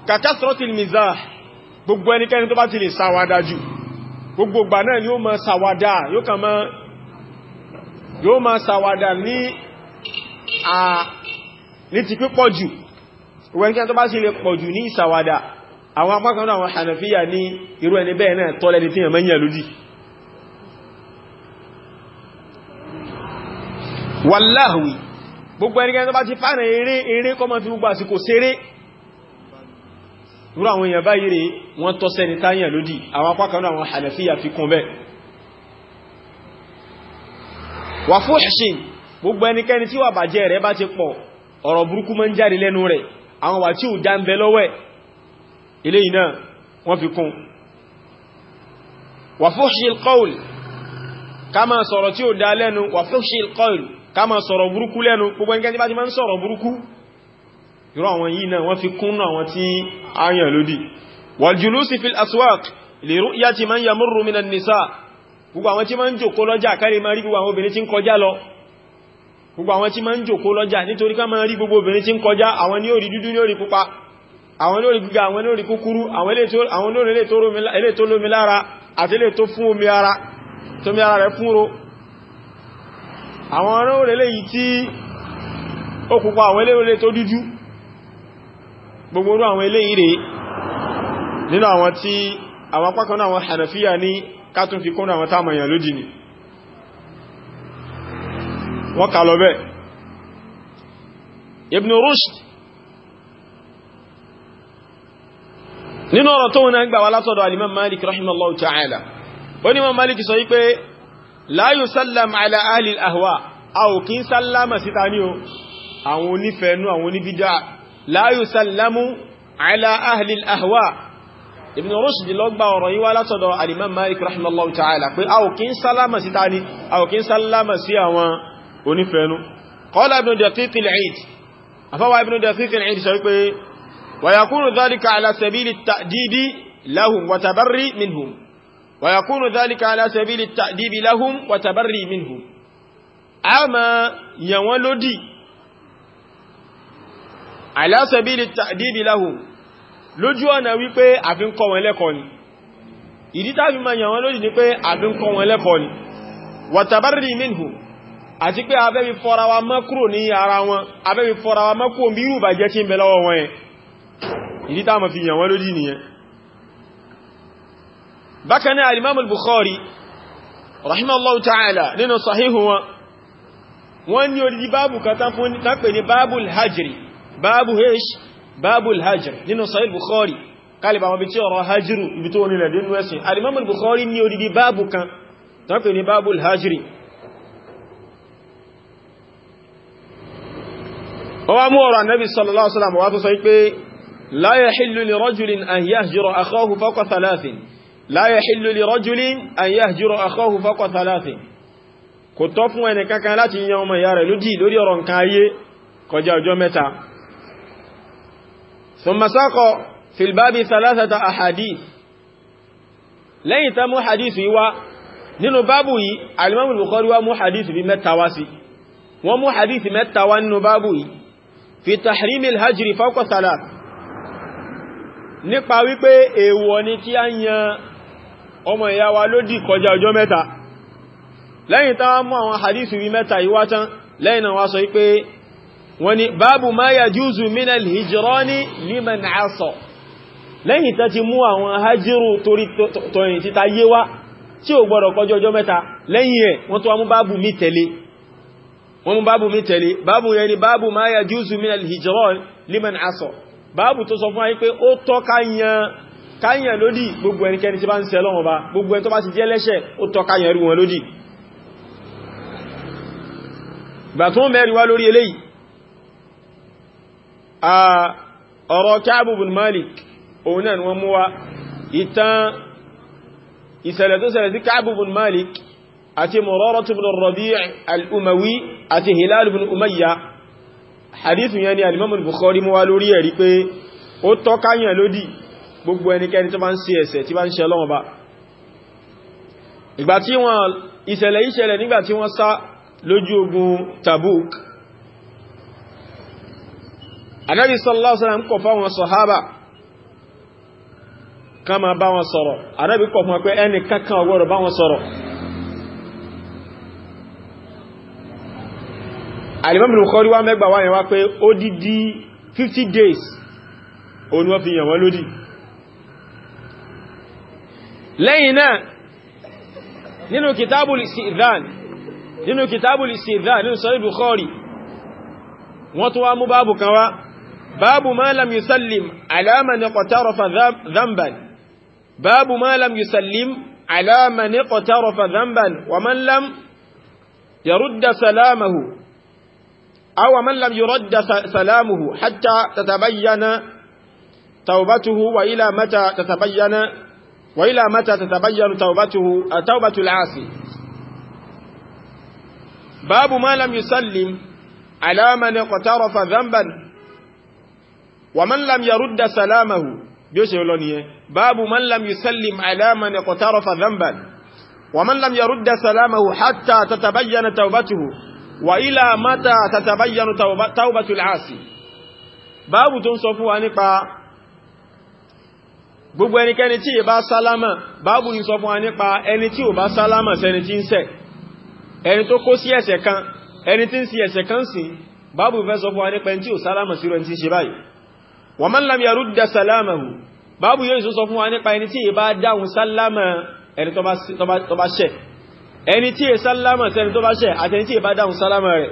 kàkásọ́tìl mizah gbogbo ẹnikẹ́ni tó bá ti lè ṣàwàdà jù gbogbo ìgbà náà yóò máa ṣàwàdà yóò kàn máa yóò ní ti pípọ̀ jù gbogbo ẹnikẹ́ni tó bá ti lè pọ̀ jù ní ìṣàwàdà àwọn apákan náà àwọn hànàfíyà ní irú ẹni bẹ́ẹ̀ náà tọ́lẹ̀ ní tíyàn mẹ́yàn lódì wàláhùí gbogbo ẹnikẹ́ni tó bá ti fánà eré eré kọ́mọ̀ fi gbogbo àsìkò seré irú àwọn èèyàn báyìí rẹ̀ wọ́n tọ́ sẹ́ni táyàn lódì àwọn apákan náà àwọn hànàfíyà fi kún bẹ́ẹ̀ wà fún ṣìn gbogbo ẹnikẹ́ni tí wà bàjẹ́ rẹ̀ bá ti pọ̀ ọ̀rọ̀ burúkú mọ́ ń jáde lẹ́nu rẹ̀ àwọn wà tí ò já ń bẹ lọ́wọ́ eléyìí náà wọ́n fi kún wàfúṣìl kọ́ùl ká máa sọ̀rọ̀ tí ó dá lẹ́nu wàfúṣìl kọ́ùl ká máa sọ̀rọ̀ burúkú lẹ́nu gbogbo ẹnikẹ́ni bá ti máa ń sọ̀rọ̀ burúkú irú àwọn yìí náà wọ́n fi kún àwọn tí a yàn lódì wàljúlúsì fil aswaq lè rú ìyá ti máa ń yamúrù minan nisa gbogbo àwọn tí máa ń jòkó lọ́jà kárí máa rí gbogbo àwọn obìnrin tí ń kọjá lọ gbogbo àwọn tí máa ń jòkó lọ́jà nítorí ká máa rí gbogbo obìnrin tí ń kọjá àwọn ní orí dúdú ní orí pupa àwọn olórí gíga àwọn olórí kúkúrú àwọn olórí ilé tó lómi lára àti ilé tó fún omi ara tó mi ara rẹ̀ fúnro àwọn olórí ilé yìí tí ó pupa àwọn olórí tó dúdú gbogbo orú àwọn ilé yìí rẹ̀ nínú àwọn tí àwọn apákan náà àwọn ní kátún fi kún àwọn táàmàyàn lódì ni Ibn Rushd nínú ọ̀rọ̀ tó wọn gbà wá látọ̀dọ̀ alimam malik rahimahullahu ta'ala wọ́n ni wọ́n malik sọ wípé láyò sálàm ala ahli ahwa a ò kí ń sálàmà síta ní o àwọn onífẹ̀ẹ́nú àwọn oníbídá láyò sálàmù ala ahli ahwa ibn rushd ló gbà ọ̀rọ̀ yìí wá látọ̀dọ̀ alimam malik rahimahullahu ta'ala pé a ò kí ń sálàmà síta ní a ويكون ذلك على سبيل التأديب لهم وتبري منهم ويكون ذلك على سبيل التأديب لهم وتبري منهم أما يولدي على سبيل التأديب لهم lójú ọ̀nà wípé àfi ń kọ́ wọn lẹ́kọ̀ọ́ ni ìdí tàbí ma yàn wọn lójú ní pé àfi ń kọ́ wọn lẹ́kọ̀ọ́ ni wàtàbárì minhum àti pé abẹ́bí fọ́ra wa mọ́ kúrò ní ara wọn abẹ́bí fọ́ra wa mọ́ kúrò bí irú ìbàjẹ́ tí ń bẹ lọ́wọ́ wọn yẹn ìdí tá ma fi yàn wọ́n lódí nìyẹn bákan náà alimamul bukhari rahimahullahu ta'ala nínú sahihu wọn wọ́n ní odidi báàbù kan tán fún tápè ní báàbùl hajri báàbù hesh báàbùl hajri nínú sahih bukhari kálìbà wọn bí tí ọ̀rọ̀ hajru ibi tó nílẹ̀ dínú ẹ̀sìn alimamul bukhari ní odidi báàbù kan tán ní báàbùl hajri wọ́n mú ọ̀rọ̀ annabi sallallahu alaihi wasallam wá tó sọ pé لا يحل لرجل أن يهجر أخاه فوق ثلاث لا يحل لرجل أن يهجر أخاه فوق ثلاث kò tọ́ fún ẹni kankan láti yan ọmọ ìyá rẹ̀ lódì lórí ọ̀rọ̀ nǹkan ayé kọjá ọjọ́ mẹ́ta ثم ساق في الباب ثلاثة أحاديث lẹ́yìn tán mú hadith yìí wá nínú báàbù yìí alimamul Bukhari wá mú hadith bí mẹ́ta wá sí wọ́n mú hadith mẹ́ta wá nínú báàbù yìí fi tahrimil hajri fawqa thalath nípa wípé èèwọ̀ ni kí a yan ọmọ ìyá wa lódì kọjá ọjọ́ mẹ́ta lẹ́yìn tá mú àwọn hadith wí mẹ́ta ìwá tán lẹ́yìn náà wá sọ wípé wọ́n ni báàbù ma yajuzu minal hijrani liman asa lẹ́yìn tá ti mú àwọn hajiru torí tọ̀yìn títa yé wá tí báàbù tó sọ fún ayé pé ó tọ́ káyàn lódì gbogbo ẹnikẹni tí bá ń ṣe Ọlọ́run bá gbogbo ẹni tó bá ti jẹ́ lẹ́ṣẹ̀ ó tọ́ káyàn rú wọn lódì gbà tó mẹ́rin wá lórí eléyìí a ọ̀rọ̀ Ka'bu bin Malik òun náà wọ́n mú wá ìtàn ìṣẹ̀lẹ̀ tó ṣẹlẹ̀ sí Ka'bu Malik àti Muraratu bin Rabi' al-Umawi àti Hilal Umayya hadithu yẹn ni alimọ́mù Bukhari mú wá lórí ẹ̀ rí pé ó tọ́ káyàn lódì gbogbo ẹnikẹ́ni tó bá ń ṣe ẹ̀ṣẹ̀ tí bá ń ṣe Ọlọ́run bá ìgbà ìṣẹ̀lẹ̀ ìṣẹ̀lẹ̀ nígbà wọ́n sá lójú ogun Tabuk anábi sallallahu alaihi wasallam kọ̀ fáwọn sọ̀hábà kan máa bá wọn sọ̀rọ̀ anábi kọ̀ fún wọn pé ẹnì kankan ò alimami Bukhari wá mẹ́gbà wá yẹn wá pé ó dídí 50 days òun wọ́n fi yàn wọ́n lódì lẹ́yìn náà nínú kìtàbùlì sìdán nínú kìtàbùlì sìdán nínú sọ́rí Bukhari wọ́n tó wá mú báàbù kan wá báàbù ma lam yusallim ala man iqtarafa dhanban báàbù ma lam yusallim ala man iqtarafa wa man yarudda salamahu أو من لم يرد سلامه حتى تتبين توبته وإلى متى تتبين وإلى متى تتبين توبته توبة العاصي باب ما لم يسلم على من اقترف ذنبا ومن لم يرد سلامه باب من لم يسلم على من اقترف ذنبا ومن لم يرد سلامه حتى تتبين توبته wà ilá mátà tàtàbáyánu tàwùbátù láàsì báàbù tó ń sọ fún wa nípa gbogbo ẹnikẹ́ni tí ì bá sálámà báàbù ń sọ fún wa nípa ẹni tí ò bá sálámà sẹni tí ń ṣẹ̀ ẹni tó kó sí ẹ̀ṣẹ̀ kan ẹni tí ń sí ẹ̀ṣẹ̀ kan sí báàbù fẹ́ sọ fún wa nípa ẹni tí ò sálámà sí rẹ̀ tí ń ṣe báyìí wà man lam yarudda salamahu báàbù yóò sọ fún wa nípa ẹni tí ì bá dáhùn sálámà ẹni tó bá ṣẹ̀ ẹni tí è sálámà sẹni tó bá ṣẹ̀ àtẹni tí è bá dáhùn sálámà rẹ̀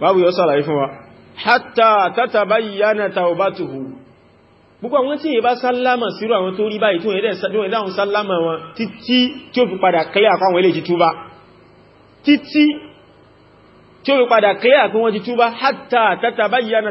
báwo yóò sàlàyé fún wa hátà tátà báyìí yánà tàwọ̀bátùhù púpọ̀ wọ́n tí è bá sálámà sírò àwọn tó rí báyìí tó yẹ dáhùn sálámà wọn títí tí ó fi padà kílẹ̀ àkọ́ àwọn eléjì túbá títí tí ó fi padà kílẹ̀ àkọ́ wọn ti túbá hátà tátà báyìí yánà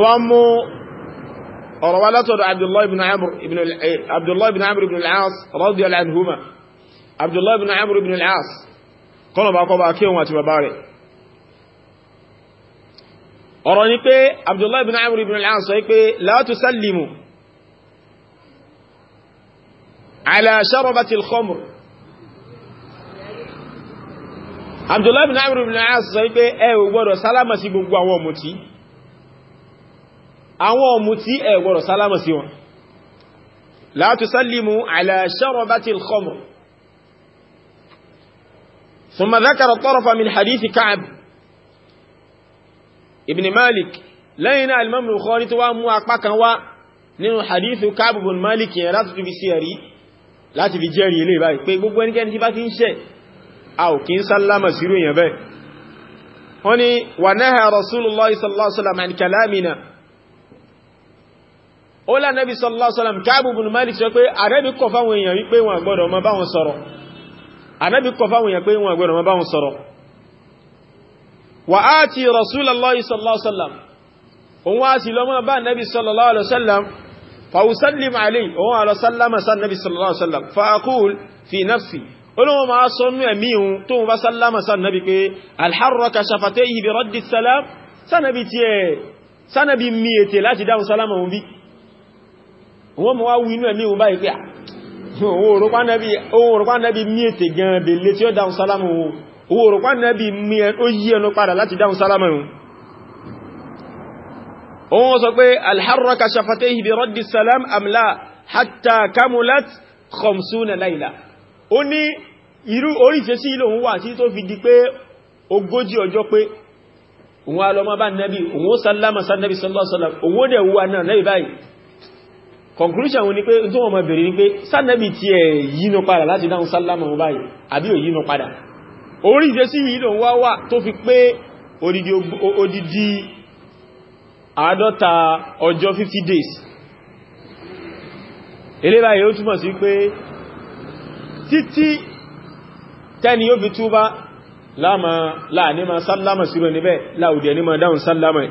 wọ́n mú ọ̀rọ̀ wá látọ̀dọ̀ eh, Abdullahi ibn Amr ibn al-As radiyallahu anhuma Abdullahi ibn Amr ibn al-As kọ́nà bá kọ́ bá kí wọn àti bàbá rẹ̀ ọ̀rọ̀ ni pé Abdullahi ibn Amr ibn al-As sọ pé la tusallimu ala sharabati al-khamr Abdullahi ibn Amr ibn al-As sọ pé ẹ ò gbọ́dọ̀ sálámà sí gbogbo àwọn ọmọ tí àwọn ọ̀mùtí ẹ gbọ́dọ̀ sálámà sí wọn la tusallimu ala sharabatil khamr ثم ذكر الطرف من حديث كعب ابن مالك lẹ́yìn náà Imam Bukhari tó wá mú apá kan wá nínú hadithu Ka'b ibn Malik yẹn láti fi sí ẹ̀rí láti fi jẹ́rì ilé báyìí pé gbogbo ẹnikẹ́ni tí bá ti ń ṣẹ̀ a ò kí ń sálámà sírò ó lánàbí sọlọ́sọ́lọ́m káàbùbùn malik sọ pé ànábì kọ̀ fáwọn èèyàn wípé wọn àgbọ́dọ̀ má bá wọn sọ̀rọ̀ ànábì kọ̀ fáwọn èèyàn pé wọn àgbọ́dọ̀ má bá wọn sọ̀rọ̀ wà á ti rasúlọ́lọ́ ìsọlọ́sọ́lọ́m òun á sì lọ mọ́ bá ànábì sọlọ́lọ́sọ́lọ́m fàwùsálìm àlè òun àlọ́sálàmà sánàbì sọlọ́sọ́lọ́m fàákùl fi nafsi olóhun ma sọ nú ẹ̀mí ìhun tó ń bá sálàmà sánàbì pé alhárọ̀ka ṣàfàtẹ́ ìbí rọ́dì sálàm sánàbì tiẹ̀ sánàbì mi ètè láti dáhùn sálàmà òun bí wọ́n mọ̀ wá wí inú ẹ̀mí òun báyìí pé ah, owó òrùpá nẹ́bí mí ètè gan belé tí ó dáhùn sálámù owó òrùpá nẹ́bí mí ó yí ẹnu padà láti dáhùn sálámù òun sọ pé alharraka shafatayhi bi raddi salam amla hatta kamulat khamsuna layla ó ní irú oríṣẹ́ ilé òun wà tí tó fi di pé ogójì ọjọ́ pé òun alọ́mọ́ bá nẹ́bí òun sálámà sálámà sálámà òun conclusion wọn ni pé tó wọ́n mọ̀ bèèrè ní pé sánẹ́bì tí ẹ̀ yínú padà láti dáhùn sálámà wọn báyìí àbí ò yínú padà orí ìjẹsí yìí lòun wá wà tó fi pé odidi àádọ́ta ọjọ́ 50 days eléba yìí ó túmọ̀ sí pé títí tẹ́ni yóò fi túbá láàmà láàní ma sálámà síbẹ̀ níbẹ̀ láàúdẹ̀ ní ma dáhùn sálámà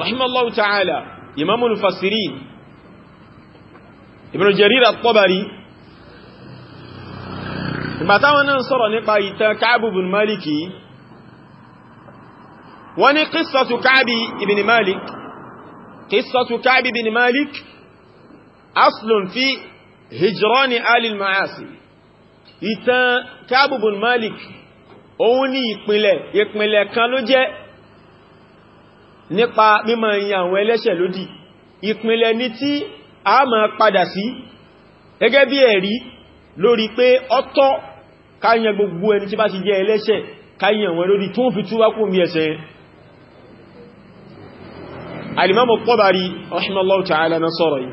rahimallahu ta'ala imamul fasirin ibn jarir at-tabari ìgbàtà wọn náà sọ̀rọ̀ nípa ìtàn káàbù bin maliki wọ́n ní qissatu káàbì ibn malik qissatu káàbì ibn malik aslun fi hijrani alil ma'asi ìtàn káàbù bin malik òun ní ìpìlẹ̀ ìpìlẹ̀ kan ló jẹ́ nípa mímọ̀ ìyàn àwọn ẹlẹ́ṣẹ̀ lódì ìpínlẹ̀ ní tí a máa padà sí gẹ́gẹ́ bí ẹ̀rí lórí pé ọ̀tọ̀ káyàn gbogbo ẹni tí bá ti jẹ́ ẹlẹ́ṣẹ̀ káyàn wọn lódì tó ń fi túwá kún bí ẹ̀ṣẹ̀ na sọ̀rọ̀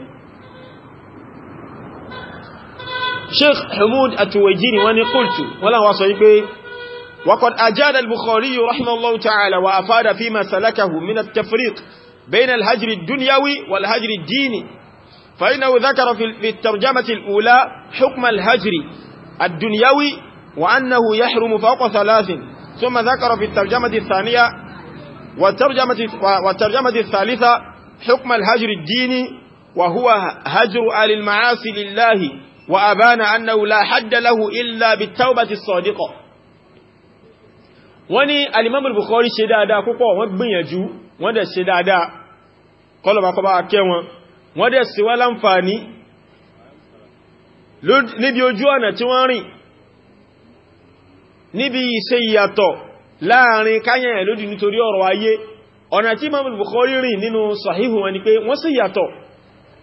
Sheikh Hamud At-Tuwaijini wọ́n ni qultu wọ́n láwọn sọ وقد أجاد البخاري رحمه الله تعالى وأفاد فيما سلكه من التفريق بين الهجر الدنيوي والهجر الديني فإنه ذكر في الترجمة الأولى حكم الهجر الدنيوي وأنه يحرم فوق ثلاث ثم ذكر في الترجمة الثانية والترجمة, والترجمة الثالثة حكم الهجر الديني وهو هجر آل المعاصي لله وأبان أنه لا حد له إلا بالتوبة الصادقة wọ́n ní Al-Imam Al-Bukhari ṣe dáadáa púpọ̀ wọ́n gbìyànjú wọ́n dẹ̀ ṣe dáadáa kọlọ̀bàkọba akẹ́ wọn wọ́n dẹ̀ sí wá láǹfààní níbi ojú ọ̀nà tí wọ́n rìn níbi ìṣe ìyàtọ̀ láàrin káyẹ̀yẹ̀ lódì nítorí ọ̀rọ̀ ayé ọ̀nà tí Imam Al-Bukhari rìn nínú Sahihu wọn ni pé wọ́n sì yàtọ̀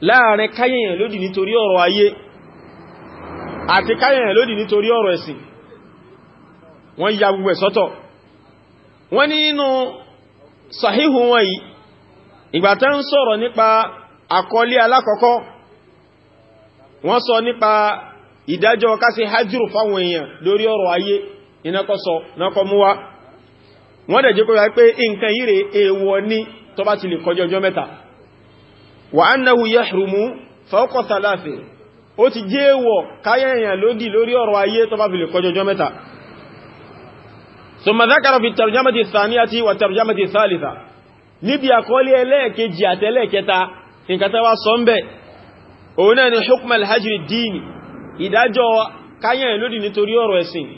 láàrin káyẹ̀yẹ̀ lódì nítorí ọ̀rọ̀ ayé àti káyẹ̀yẹ̀ lódì nítorí ọ̀rọ̀ ẹ̀sìn wọ́n ya gbogbo ẹ̀ wọ́n ní nínú sahihu wọn yìí ìgbà tán ń sọ̀rọ̀ nípa àkọlé alákọ̀ọ́kọ́ wọ́n sọ nípa ìdájọ́ kásí hajjúrù fáwọn èèyàn lórí ọ̀rọ̀ ayé inákọ́ sọ nákọ́ mú wá wọ́n dẹ̀ jẹ́ kó wáyé pé nǹkan yíre èèwọ̀ ní tó bá ti lè kọjọ ọjọ́ mẹ́ta wà annahu yahrumu fawqa ó ti jẹ́ èèwọ̀ káyẹ̀yàn lódì lórí ọ̀rọ̀ ayé tó bá fi lè kọjọ ọjọ́ mẹ́ta ثم ذكر في الترجمة الثانية والترجمة الثالثة نبي أقول إليك جاتلك إن كتب صنبة هنا حكم الهجر الديني إذا جوا كان يلودي نتوري ورسين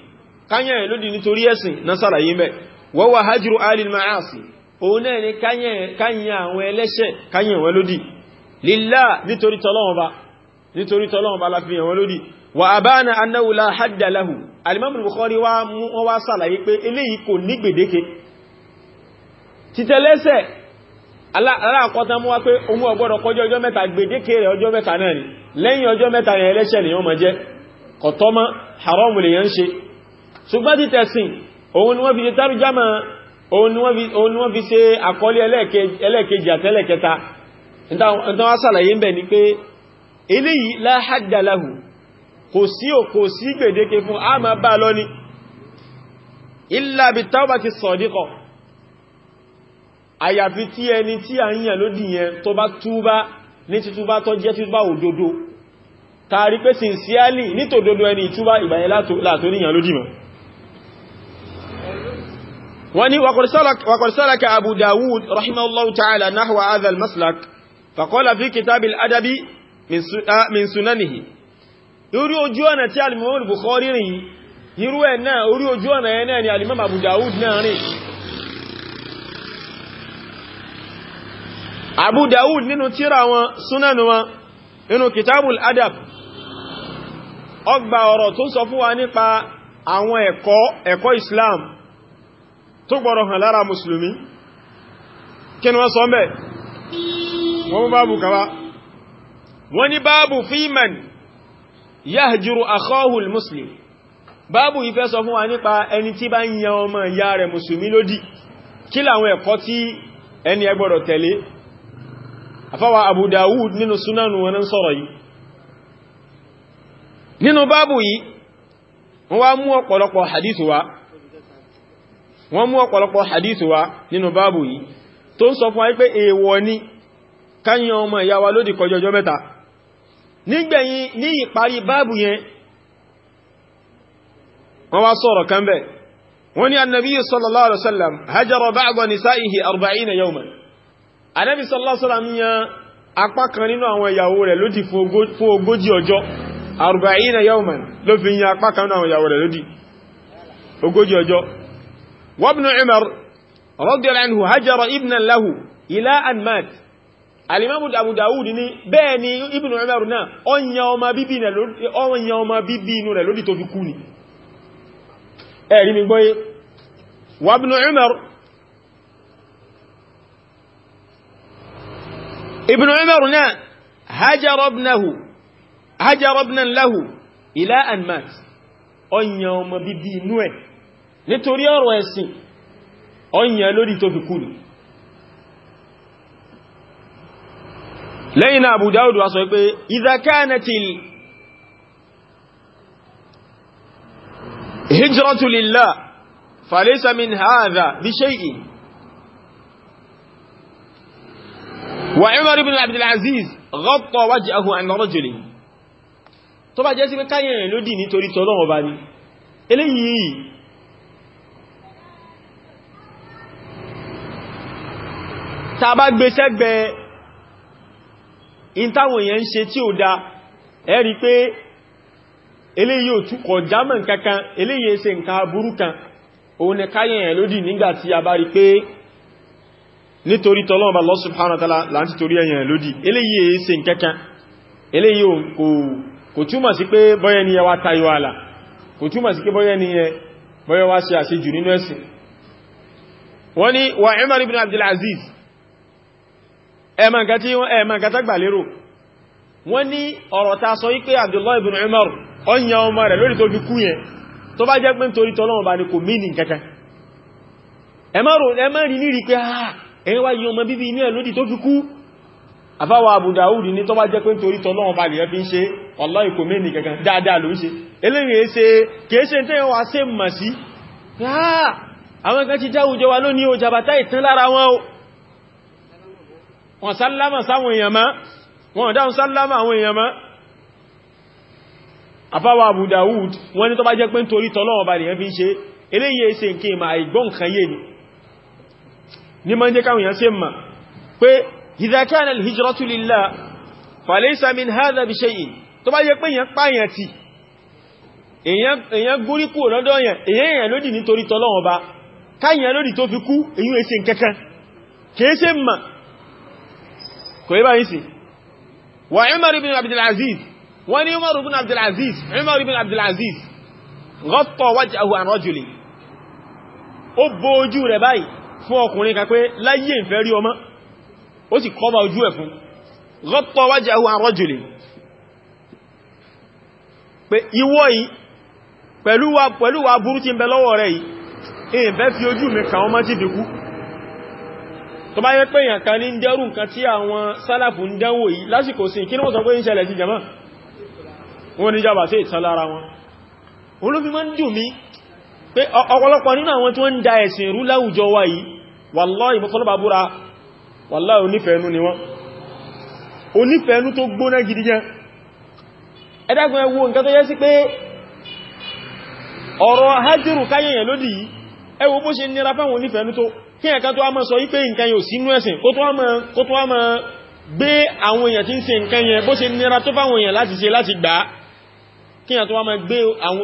كان يلودي نتوري يسين نصر يمي وهو هجر آل المعاصي هنا كان يولش كان يولودي لله نتوري تلوم با نتوري تلوم با لا في يولودي wa abana annahu la hadda lahu al-imam al-bukhari wa mu wa ṣàlàyé pé eléyìí kò ní gbèdéke titelese ala ala ko tan mu wa pé ohun ogboro kọjọ́ ọjọ́ mẹ́ta gbèdéke rẹ̀ ọjọ́ mẹ́ta náà ni lẹ́yìn ọjọ́ mẹ́ta yẹn ẹlẹ́ṣẹ̀ ni ó ma jẹ́ ko to ma haram le yan ṣe ṣùgbọ́n kò sí òkò sí gbèdéke fún a máa bá lọ ní illa bi tawbati sadiqa àyàfi tí ẹni tí a yíyàn ló dìyẹn tó bá túbá ní títúbá tó jẹ́ títúbá òdodo tàrí pé sincerely nítòdodo ẹni ìtúbá ìgbàyẹ látò níyàn ló dìmọ̀ irú ojú ọ̀nà tí alimọ́mù Bukhari rìn irú ẹ̀ náà orí ojú ọ̀nà ẹ̀ náà ni alimọ́mù Abu Dawud náà rìn Abu Dawud nínú tírà wọn súnánù wọn nínú kitabul adab ọgbà ọ̀rọ̀ tó sọ fún wa nípa àwọn ẹ̀kọ́ ẹ̀kọ́ Islam tó gbọ́rọ̀ hàn lára Mùsùlùmí kí ni wọ́n sọ mẹ́ wọ́n mú báàbù kàwá wọ́n ní báàbù fíìmẹ̀nì yahjuru akhahu al-muslim báàbù yìí fẹ́ sọ fún wa nípa ẹni tí bá ń yan ọmọ ìyá rẹ̀ mùsùlùmí lódì kí làwọn ẹ̀kọ́ tí ẹni ẹ gbọ́dọ̀ tẹ̀lé àfáwà Abu Dawud nínú súnánù wọn ń sọ̀rọ̀ yìí nínú báàbù yìí wọ́n mú ọ̀pọ̀lọpọ̀ hadithu wa nínú báàbù yìí tó ń sọ fún wa pé èèwọ̀ ni ká yan ọmọ ìyá lódì kọjọjọ́ mẹ́ta nígbẹ̀yìn ní ìparí báàbù yẹn wọ́n wá sọ̀rọ̀ kan bẹ̀ wọ́n ní annabi sallallahu alaihi wasallam hajara ba'da nisa'ihi 40 yawman annabi sallallahu alaihi wasallam ya apá kan nínú àwọn ìyàwó rẹ̀ lódì fún ogójì ọjọ́ 40 yawman ló fi yan apá kan nínú àwọn ìyàwó rẹ̀ lódì ogójì ọjọ́ wa ibn lahu ila an mat alimamu abu dawud ni bẹ́ẹ̀ ni ibn umar náà ọ̀yàn ọmọ bíbí inú rẹ̀ lódì tó fi kú ni ẹ̀rí mi gbọ́yé wa ibn umar ibn umar náà hajjara ibnahu hajjara ibnan lahu ila an mat ọ̀yàn ọmọ bíbí inú ẹ̀ nítorí ọ̀rọ̀ ẹ̀sìn ọ̀yàn lódì tó kú ni lẹ́yìn náà Abu Dawud wá sọ pé ìdákánàtìl hijratu lillah falaysa min hadha bi shay'in wa Umar ibn Abdul Aziz ghatta wajhahu an rajulin tó bá jẹ́ sí pé káyẹ̀rẹ̀ nítorí tọ́lọ́wọ́ bá in táwọn èèyàn ń ṣe tí ó dá ẹ̀rí pé eléyìí ò túkọ̀ jámọ̀ kankan eléyìí ṣe nǹkan aburú òun ni káyẹ̀yàn lódì nígbàtí a bá rí pé nítorí tọ́lọ́ọ̀bà Allah subhanahu wa ta'ala láti torí ẹ̀yàn lódì eléyìí ṣe nǹkankan eléyìí kò túmọ̀ sí pé bọ́yẹ̀ ni ẹwà tayọ àlà kò wa Umar ibn Abdul Aziz ẹ̀mà nǹkan tí wọ́n ẹ̀mà nǹkan tágbà lérò wọ́n ní ọ̀rọ̀ ta sọ wípé Abdullahi ibn Umar ọ̀nyà ọmọ rẹ̀ lórí tó fi kú yẹn tó bá jẹ́ pé nítorí tọ́lọ́wọ́n ni ní kò mí ní kankan ẹ̀mà rí ní rí pé ah, Abu Dawud ní tó bá jẹ́ pé nítorí tọ́lọ́wọ́n bá lè fi ń ṣe wallahi kò mí ní kankan dáadáa ló ń ṣe eléyìn ṣe kèéṣe tẹ́yàn wọ́n sálámà sáwọn èèyàn má wọ́n dáhùn sálámà àwọn èèyàn má àfáwà Abu Dawud wọ́n ní tó bá jẹ́ pé nítorí tọ́lọ́wọ́ bá nìyàn fi ń ṣe eléyìí ṣe nke ma àìgbọ́n kan yé ni ní ma ń jẹ́ káwọn èèyàn ṣe mà pé idha kana al-hijratu lillah falaysa min hadha bi shay'in tó bá jẹ́ pé èèyàn pààyàn ti èèyàn kìí ṣe mà kò yí báyìí sí wà Umar ibn Abdulaziz wọ́n ní Umar ibn Abdulaziz Umar ibn Abdulaziz ghatta wajhahu an rajuli ó bo ojú rẹ̀ báyìí fún ọkùnrin kan pé láyé ìfẹ́ rí ọmọ ó sì kọ́bà ojú ẹ̀ fún ghatta wajhahu an rajuli pé ìwọ yìí tó bá yẹ pé èèyàn kan ní dẹ́rù nǹkan tí àwọn sálàfù ń dánwò yìí lásìkò sí kí ní wọ́n sọ pé ń ṣẹlẹ̀ sí jama wọ́n ní jàbà sí ìtàn lára wọn olóbi máa ń dùn mí pé ọ̀pọ̀lọpọ̀ nínú àwọn tí wọ́n ń da ẹ̀sìn rú láwùjọ gidi jẹ́ ẹ̀dàgbọ́n ẹ wo nǹkan tó yẹ sí pé ọ̀rọ̀ hajjúrù káyẹ̀yẹ̀ lódì yìí ẹ wo kí ẹ̀kan tó wá mọ́ sọ wípé nǹkan yóò sínú ẹ̀sìn kó tó wá mọ́ gbé àwọn èèyàn tí ń ṣe nǹkan yẹn bó ṣe nira tó fáwọn èèyàn láti ṣe láti gbà á kí ẹ̀kan tó wá mọ́ gbé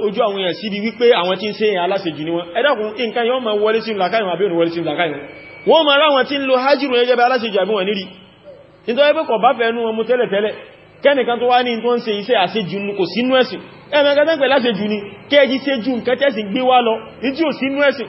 ojú àwọn èèyàn síbi wípé àwọn tí ń ṣe èèyàn aláṣejù ni wọ́n ẹ dákun nǹkan yóò mọ́ wọlé sínú làkáyùn àbí òníwọlé sínú làkáyùn kẹ́nìkan tó wá ní tó ń ṣe iṣẹ́ àṣejù kò sínú ẹ̀sìn ẹ̀mẹ́kẹ́tẹ́ pẹ̀lú àṣejù ni kẹ́ẹ̀jí ṣe ju nǹkan tẹ́sìn gbé wá lọ ní tí ò sínú ẹ̀sìn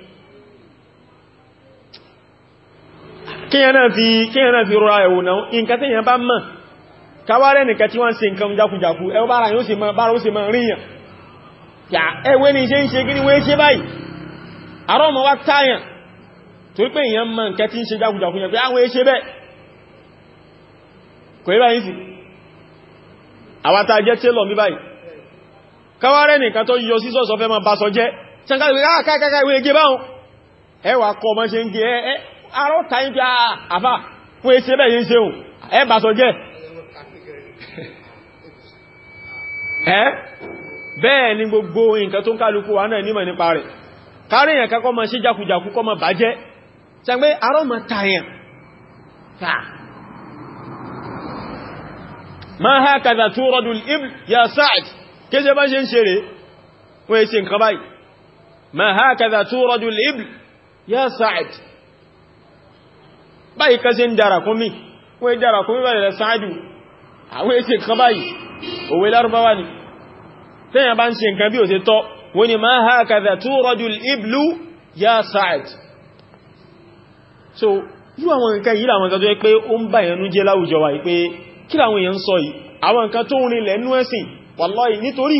kíyàn náà fi rọra ẹ̀wò náà nǹkan tí yàn bá mọ̀ káwàrẹ́ nìkan tí wọ́n ṣe nǹkan jákùjákù ẹwọ́ bára yóò sì máa bára ó sì máa ríyàn yà ẹwẹ́ ni ṣe ń ṣe kí ni wọ́n ṣe báyìí àrọ́ ọmọ wá táyàn torí pé èèyàn mọ̀ nǹkan tí ń ṣe jákùjákù yẹn pé àwọn ah, èṣe bẹ́ẹ̀ kò yíba yìí arọ́ tàí bí àbá fún ẹsẹ́ bẹ́ẹ̀ yìí ṣeun ẹbà sọ jẹ́ ẹ́ bẹ́ẹ̀ ni gbogbo nǹkan tó ń kálukú wa náà nímọ̀ nípa rẹ̀ kárí kẹ́kọ́ ma ṣe jákujàkú kọ́ ma bàjẹ́ ṣàgbé arọ́ ma tàyàn ma ha kàdà tó ya Sa'd báyìí kan ṣe ń dára kún mi wọ́n dára kún mi báyìí sáájú àwọn èsì kan báyìí òwe lárúbáwá ni tẹ́yàn bá ń ṣe nǹkan bí ò ṣe tọ́ wọ́n ni máa ha kàdà tó rọ́jú ìblú ya Sa'ad so yíò àwọn nǹkan yìí làwọn nǹkan tó yẹ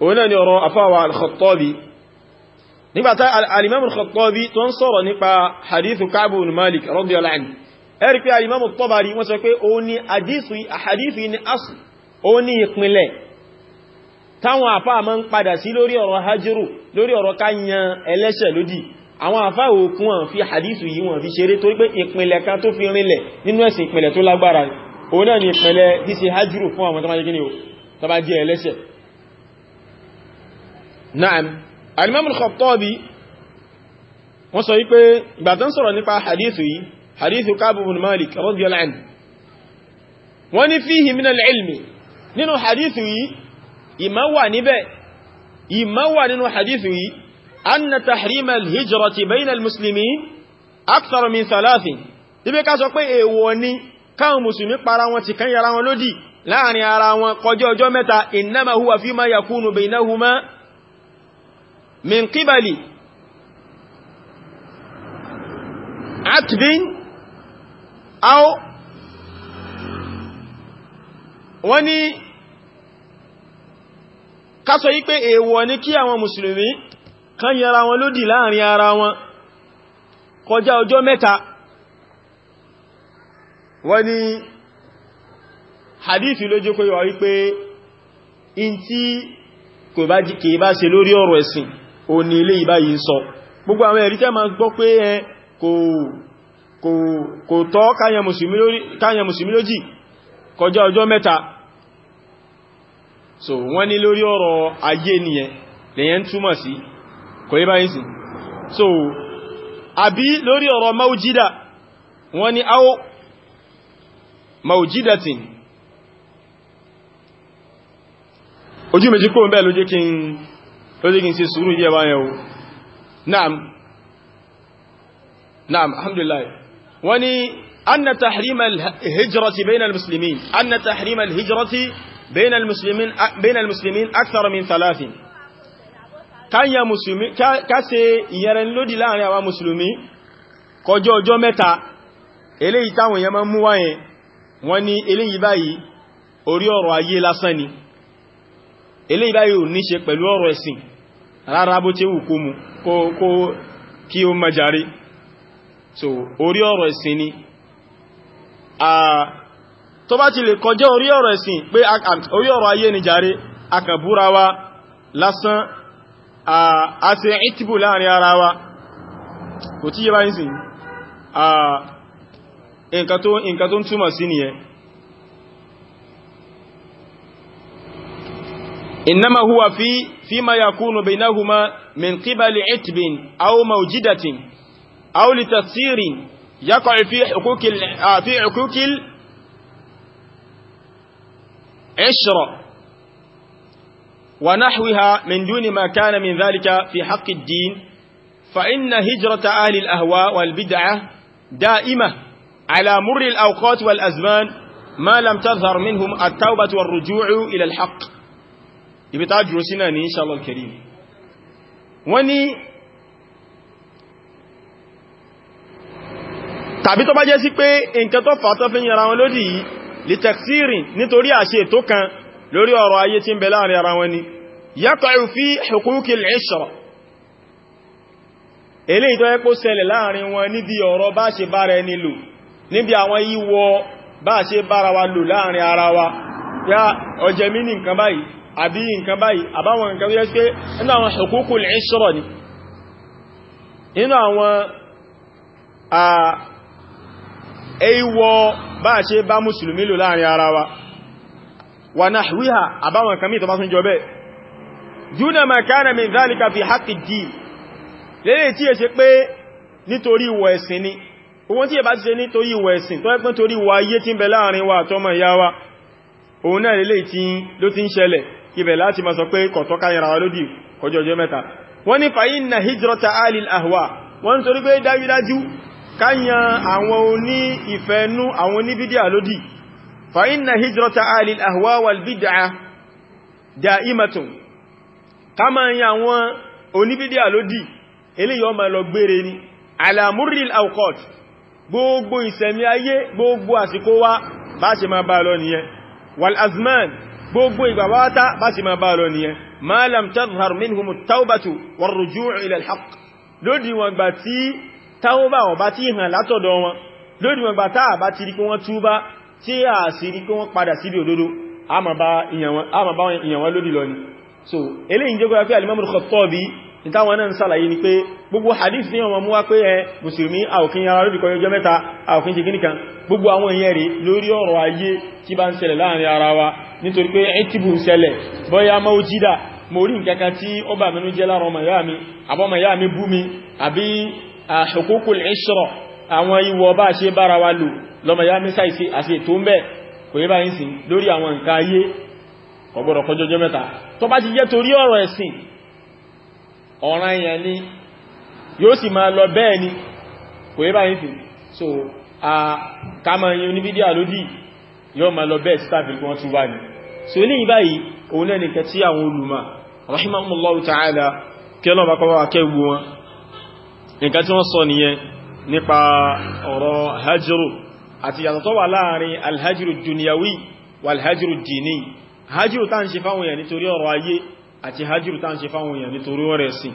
òun náà ni ọ̀rọ̀ afáwà al-khattabi nígbàtá al-imam al-khattabi tó ń sọ̀rọ̀ nípa hadithu ka'bu bin malik radiyallahu anhu ẹ̀rí pé al-imam al-tabari wọ́n sọ pé òun ni hadithu ni asl òun ni ìpínlẹ̀ táwọn àfá ma ń padà sí lórí ọ̀rọ̀ hajjiru lórí ọ̀rọ̀ káyan ẹlẹ́ṣẹ̀ lódì àwọn àfá òkun wọn fi hadithu yìí wọn fi ṣeré torí pé ìpínlẹ̀ kan tó fi rinlẹ̀ nínú ẹ̀sìn ìpínlẹ̀ tó lágbára òun náà ni ìpínlẹ̀ bí hajjiru fún àwọn tó má jẹ́ kí ni ó tó jẹ́ ẹlẹ́ṣẹ̀ na'am alimamul khattabi wọ́n sọ wípé ìgbàtán sọ̀rọ̀ nípa hadithu yìí hadithu káàbù bin malik radiyallahu anhu wọ́n ní fíhì minal ilmi nínú hadithu yìí ìmá wà níbẹ̀ ìmá wà nínú hadithu yìí anna tahrima alhijrati bayna almuslimin akthar min thalathin ibi ká sọ pé èèwọ̀ ni káwọn musulmi para wọn ti kan yara wọn lódì láàrin ara wọn kọjọ́ ọjọ́ mẹ́ta innama huwa fima yakunu baynahuma min qibali atbin aw wọ́n ní ká sọ yí pé èèwọ̀ ní kí àwọn mùsùlùmí kan yẹra wọn lódì láàrin ara wọn kọjá ọjọ́ mẹ́ta wọ́n hadithi ló jẹ́ kó yọ wípé in tí kò bá ṣe lórí ọ̀rọ̀ ẹ̀sìn ó ní ilé ìbáyìí sọ gbogbo àwọn ẹ̀rí tẹ́ ma gbọ́ pé ẹ kò tọ́ káyẹ mùsùlùmí lójì kọjá ọjọ́ mẹ́ta so wọ́n lori lórí ọ̀rọ̀ ayé nìyẹn lèyẹn túmọ̀ sí kò yí báyìí sí so àbí lórí ọ̀rọ̀ maujida wọ́n ni áwọ́ maujidatin ojú méjì kó ń bẹ́ẹ̀ ló kí ó sì kí n ṣe sùúrù díẹ̀ bá yẹn o naam naam alhamdulillah wọ́n ni anna tahrima al-hijrati bayna al-muslimin anna tahrima al-hijrati bayna al-muslimin bayna al-muslimin akthar min thalathin káyà musulmi káse ìyẹrẹn lódì láàrin àwọn musulmi kọjọ ọjọ́ mẹ́ta eléyìí táwọn èèyàn máa wọ́n ní eléyìí báyìí orí ọ̀rọ̀ ayé lásán ni eléyìí báyìí ò ní ṣe pẹ̀lú ọ̀rọ̀ ẹ̀sìn rárá bó ti wù kó mu kó kí ó má jàre so orí ọ̀rọ̀ ẹ̀sìn ni tó bá ti lè kọjá orí ọ̀rọ̀ ẹ̀sìn pé orí ọ̀rọ̀ ayé ni jàre akàbúra wa lásán a ṣe ìtìbù láàrin ara wa kò tí yẹ báyìí sí nǹkan tó ń túmọ̀ sí nìyẹn إنما هو في فيما يكون بينهما من قبل عتب أو موجدة أو لتفسير يقع في حقوق آه، في حقوق العشرة ونحوها من دون ما كان من ذلك في حق الدين فإن هجرة أهل الأهواء والبدعة دائمة على مر الأوقات والأزمان ما لم تظهر منهم التوبة والرجوع إلى الحق ibi tá dúró sí náà ní inshallah karim wọ́n ní tàbí tó bá jẹ́ sí pé nǹkan tó fà tó fi yẹra wọn lódì yìí lè tẹ̀sírin nítorí àṣẹ tó kan lórí ọ̀rọ̀ ayé tí ń bẹ láàrin ara wọn ni yaqa'u fi huquqi al-'ishra eléyìí ní nǹkan báyìí àbí nǹkan báyìí àbáwọn nǹkan yẹ́ pé inú àwọn hukukul ishra ni inú àwọn a eiwọ bá ṣe bá mùsùlùmí lò láàrin ara wa wa nahwiha àbáwọn nǹkan mìí tó bá tún jọ bẹ́ẹ̀ duna ma kana min dhalika fi haqqi ad-din lẹ́yìn tí è ṣe òun tí è lè tí ló ti ń ṣẹlẹ̀ ibẹ̀ láti ma sọ pé kọ̀tọ́ káyẹra wa lódì kọjọ ọjọ́ mẹ́ta wọ́n ní fàyín na hijrata alil ahwa wọ́n ń torí pé dájúdájú káyàn àwọn oní ìfẹ́nú àwọn oní bídíà lódì fàyín na hijrata alil ahwa wal bídíà wal azman gbogbo ìgbàwátá bá ti ma bá lọ nìyẹn ma lam tazhar minhum at-tawbatu war-ruju' ila al-haqq lódì wọn gbà tí tauba wọn bá ti hàn látọ̀dọ̀ wọn lódì wọn gbà tá bá ti rí pé wọ́n túbá tí a sì rí pé wọ́n padà síbi òdodo a ma bá ìyàn wọn lódì lọ ni so eléyìí jẹ́ kó yà pé al-Imam al-Khattabi ìtàwọn náà ń sàlàyé ni pé gbogbo hadith ní ọmọ mú wá pé ẹ eh, mùsùlùmí àòkín ara lórí kọjọ ọjọ́ mẹ́ta àòkín ti gíníkan gbogbo àwọn èèyàn rí lórí ọ̀rọ̀ ayé tí bá ń ṣẹlẹ̀ láàrin ara wa nítorí pé ẹ̀tìbù ń ṣẹlẹ̀ bọ́yá mọ́ jídà mo rí nǹkankan tí ó bà mẹ́nu jẹ́ láàrọ̀ ọmọ ìyá mi àbọ́ ọmọ ìyá ọ̀ràn èèyàn ni yóò sì máa lọ bẹ́ẹ̀ ni kò yẹ báyìí fi so a kama yin oníbídí àlódì yóò máa lọ bẹ́ẹ̀ sí tàbí wọ́n tún wá ní so ilé ìbáyìí òun náà nìkan tí àwọn olùmọ̀ rahimahumullahu ta'ala kí ọlọ́ba kọ́ wá kẹ́gbù wọn nǹkan tí wọ́n sọ nìyẹn nípa ọ̀rọ̀ hajjuru àti yàtọ̀ tó dini hajjuru tá ń ṣe fáwọn èèyàn nítorí ọ̀rọ̀ ayé àti hajjúrù tán ṣe fáwọn èèyàn nítorí wọ́n rẹ̀ sí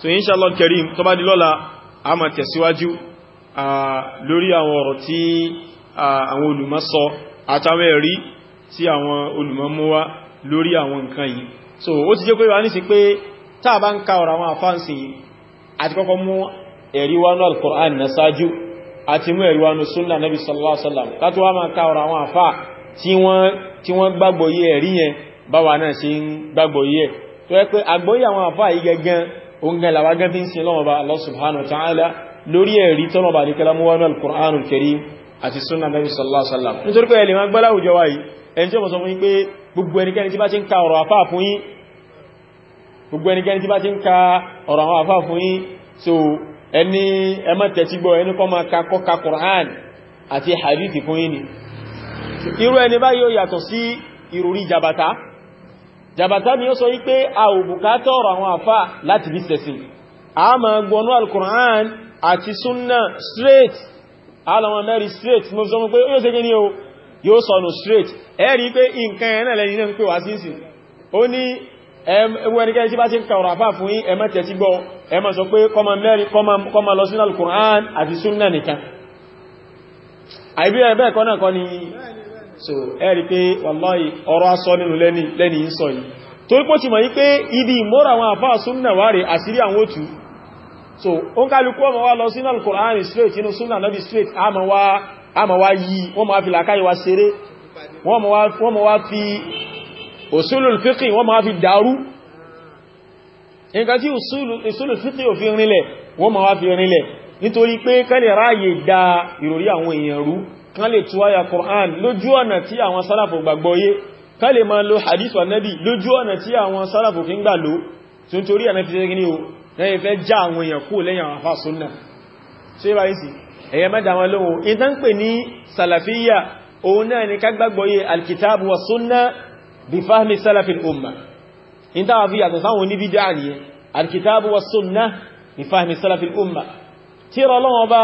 so inshallah karim tó bá di lọ́la a máa tẹ̀síwájú lórí àwọn ọ̀rọ̀ tí àwọn olùmọ̀ sọ àtàwọn ẹ̀rí tí àwọn olùmọ̀ mú lórí àwọn nǹkan yìí so ó ti jẹ́ pé wà nísìn pé tá a bá ń quran na ṣáájú àti mú ẹ̀rí wá ní sunna nabi sallallahu alaihi wasallam ká tó wá máa ka ọ̀rọ̀ àwọn àfá tí wọ́n gbàgbọ́ yé báwa náà ṣe ń ẹ̀ tó yẹ pé àgbọ́yé àwọn àfáà yìí gẹ́gẹ́ oúnjẹ làwágẹ́ bí ń sin lọ́wọ́ bá Allah subhanahu wa ta'ala lórí ẹ̀rí tọ́nà bá nìkẹ́lá mú wánú al-Qur'anul Karim àti sunnah Nabi sallallahu alaihi wasallam nítorí pé ẹ̀lẹ́mà gbọ́lá òjò wá yìí ẹni tí ó mọ̀ sọ fún yín pé gbogbo ẹnikẹ́ni tí bá ti ń ka ọ̀rọ̀ àfáà fún yín gbogbo jabata jàbàtà mi ó sọ wípé a ò bùkátà ọ̀rọ̀ àwọn àfà láti bí sẹ̀sìn a ma gbọ́nú al àti súnnà straight alọ́wọ́ mẹ́rin straight mo sọ pé yóò segin ní o yóò sọnù straight ẹ̀rí pé nǹkan ẹ̀nà lẹ́yìn náà pé wà sí ìsìn ó ní ẹwọ ẹnikẹ́ni tí bá ti ń kàwọ̀rọ̀ àfà fún yín ẹmọ́ tẹ̀tí so ẹ̀rí pé wàláì ọ̀rọ̀ asọ nínú lẹ́ni ń sọ yìí torí pọ́ ti mọ̀ yí pé ibi ìmọ́ra àwọn àfáà súnnà wà rẹ̀ àṣírí àwọn òtù so ó ń kálukú ọmọ wá lọ sínú al straight inú súnnà náà bí straight àmà wá yí wọ́n ma fi làkáyí wa ṣeré wọ́n ma wá fi usulul fiqh wọ́n ma fi dàrú nǹkan tí usulul fiqh ò fi rinlẹ̀ wọ́n ma da ìròrí àwọn èèyàn kán lè tú àyà Qur'an lójú ọ̀nà tí àwọn sálàfò gbàgbọ́ yé kán lè máa lo hadith ànábì lójú ọ̀nà tí àwọn sálàfò kí ń gbà lò tó ń torí ànábì tẹ́gẹ́ ní o lẹ́yìn fẹ́ já àwọn èèyàn kú lẹ́yìn àwọn afá súnnà ṣe bá yìí sí ẹ̀yẹ mẹ́ta wọn lóhun ìtàn pè ní sàlàfíyà òun náà ni ká gbàgbọ́ yé alkitabu wa súnnà bí fahmi sálàfin umma in ta fi yàtọ̀ sáwọn oníbí dáa ni alkitabu wa súnnà bí fahmi sálàfin umma tíra ọlọ́wọ́ bá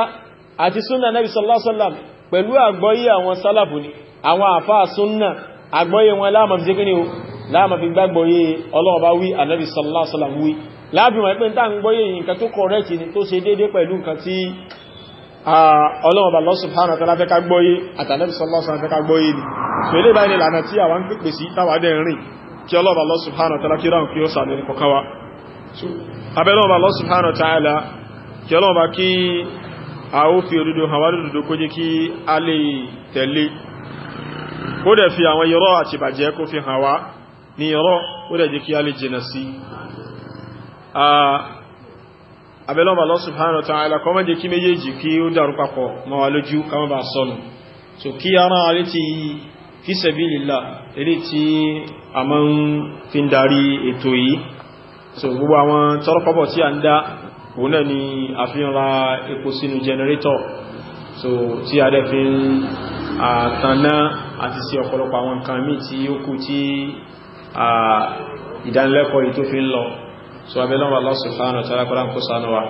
àti súnnà nabi sallallahu alaihi wasallam pẹ̀lú àgbọ́yé àwọn sálàfù ni àwọn àfáà súnnà àgbọ́yé wọn láàmà fi jẹ́kí ni ó láàmà fi gbàgbọ́yé ọlọ́ọ̀bá wí ànábì sallallahu alaihi wasallam wí láàbìn wọn pé ń tàn gbọ́yé nǹkan tó kọ̀rẹ́tì ni tó ṣe déédé pẹ̀lú nǹkan tí ọlọ́ọ̀bá Allah subhanahu wa ta'ala fẹ́ ká gbọ́yé àtànábì sallallahu alaihi wasallam fẹ́ ká gbọ́yé ni pẹ̀lẹ́ báyìí lànà tí àwọn ń pèpè sí kí ọlọ́ọ̀bá kí a ó fi òdodo hàn wá lódodo kó jẹ́ kí a lè tẹ̀lé kó dẹ̀ fi àwọn irọ́ àti ìbàjẹ́ kó fi hàn ní irọ́ kó dẹ̀ jẹ́ kí a lè jìnà sí abẹ́lọ́mà Allah subhanahu wa ta'ala kó má jẹ́ kí méjèèjì so kí ara rẹ̀ ti fi sabilillah èdè tí a máa ń so gbogbo àwọn tọ́rọpọ̀pọ̀ tí a ń dá òun náà ni a fi ń ra epo sínú generator so tí a dẹ̀ fi ń àtànná àti sí ọ̀pọ̀lọpọ̀ àwọn nǹkan mí tí ó kú tí ìdánilẹ́kọ̀ọ́ yìí tó fi ń lọ so abẹ́lọ́wà Allah subhanahu wa ta'ala kọ́lá ń kó sánú wa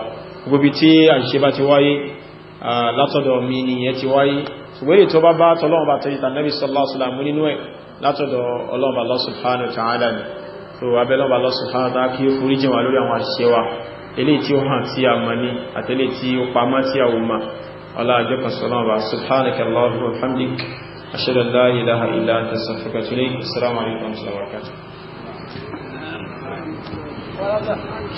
gbogbo tí àṣìṣe bá ti wáyé látọ̀dọ̀ mi nìyẹn ti wáyé ṣùgbọ́n tó bá bá sallallahu alaihi wasallam so abẹ́lọ́wà Allah subhanahu wa ta'ala kí ó ilé tí ó hàn tí a mọ̀ ní àtẹ́lé tí ó pamá tí a wùmá aláàjọ́ kasalọ́wà subhanaka allahumma wa hamdik ashhadu an la ilaha illa anta astaghfiruka wa atubu ilayk assalamu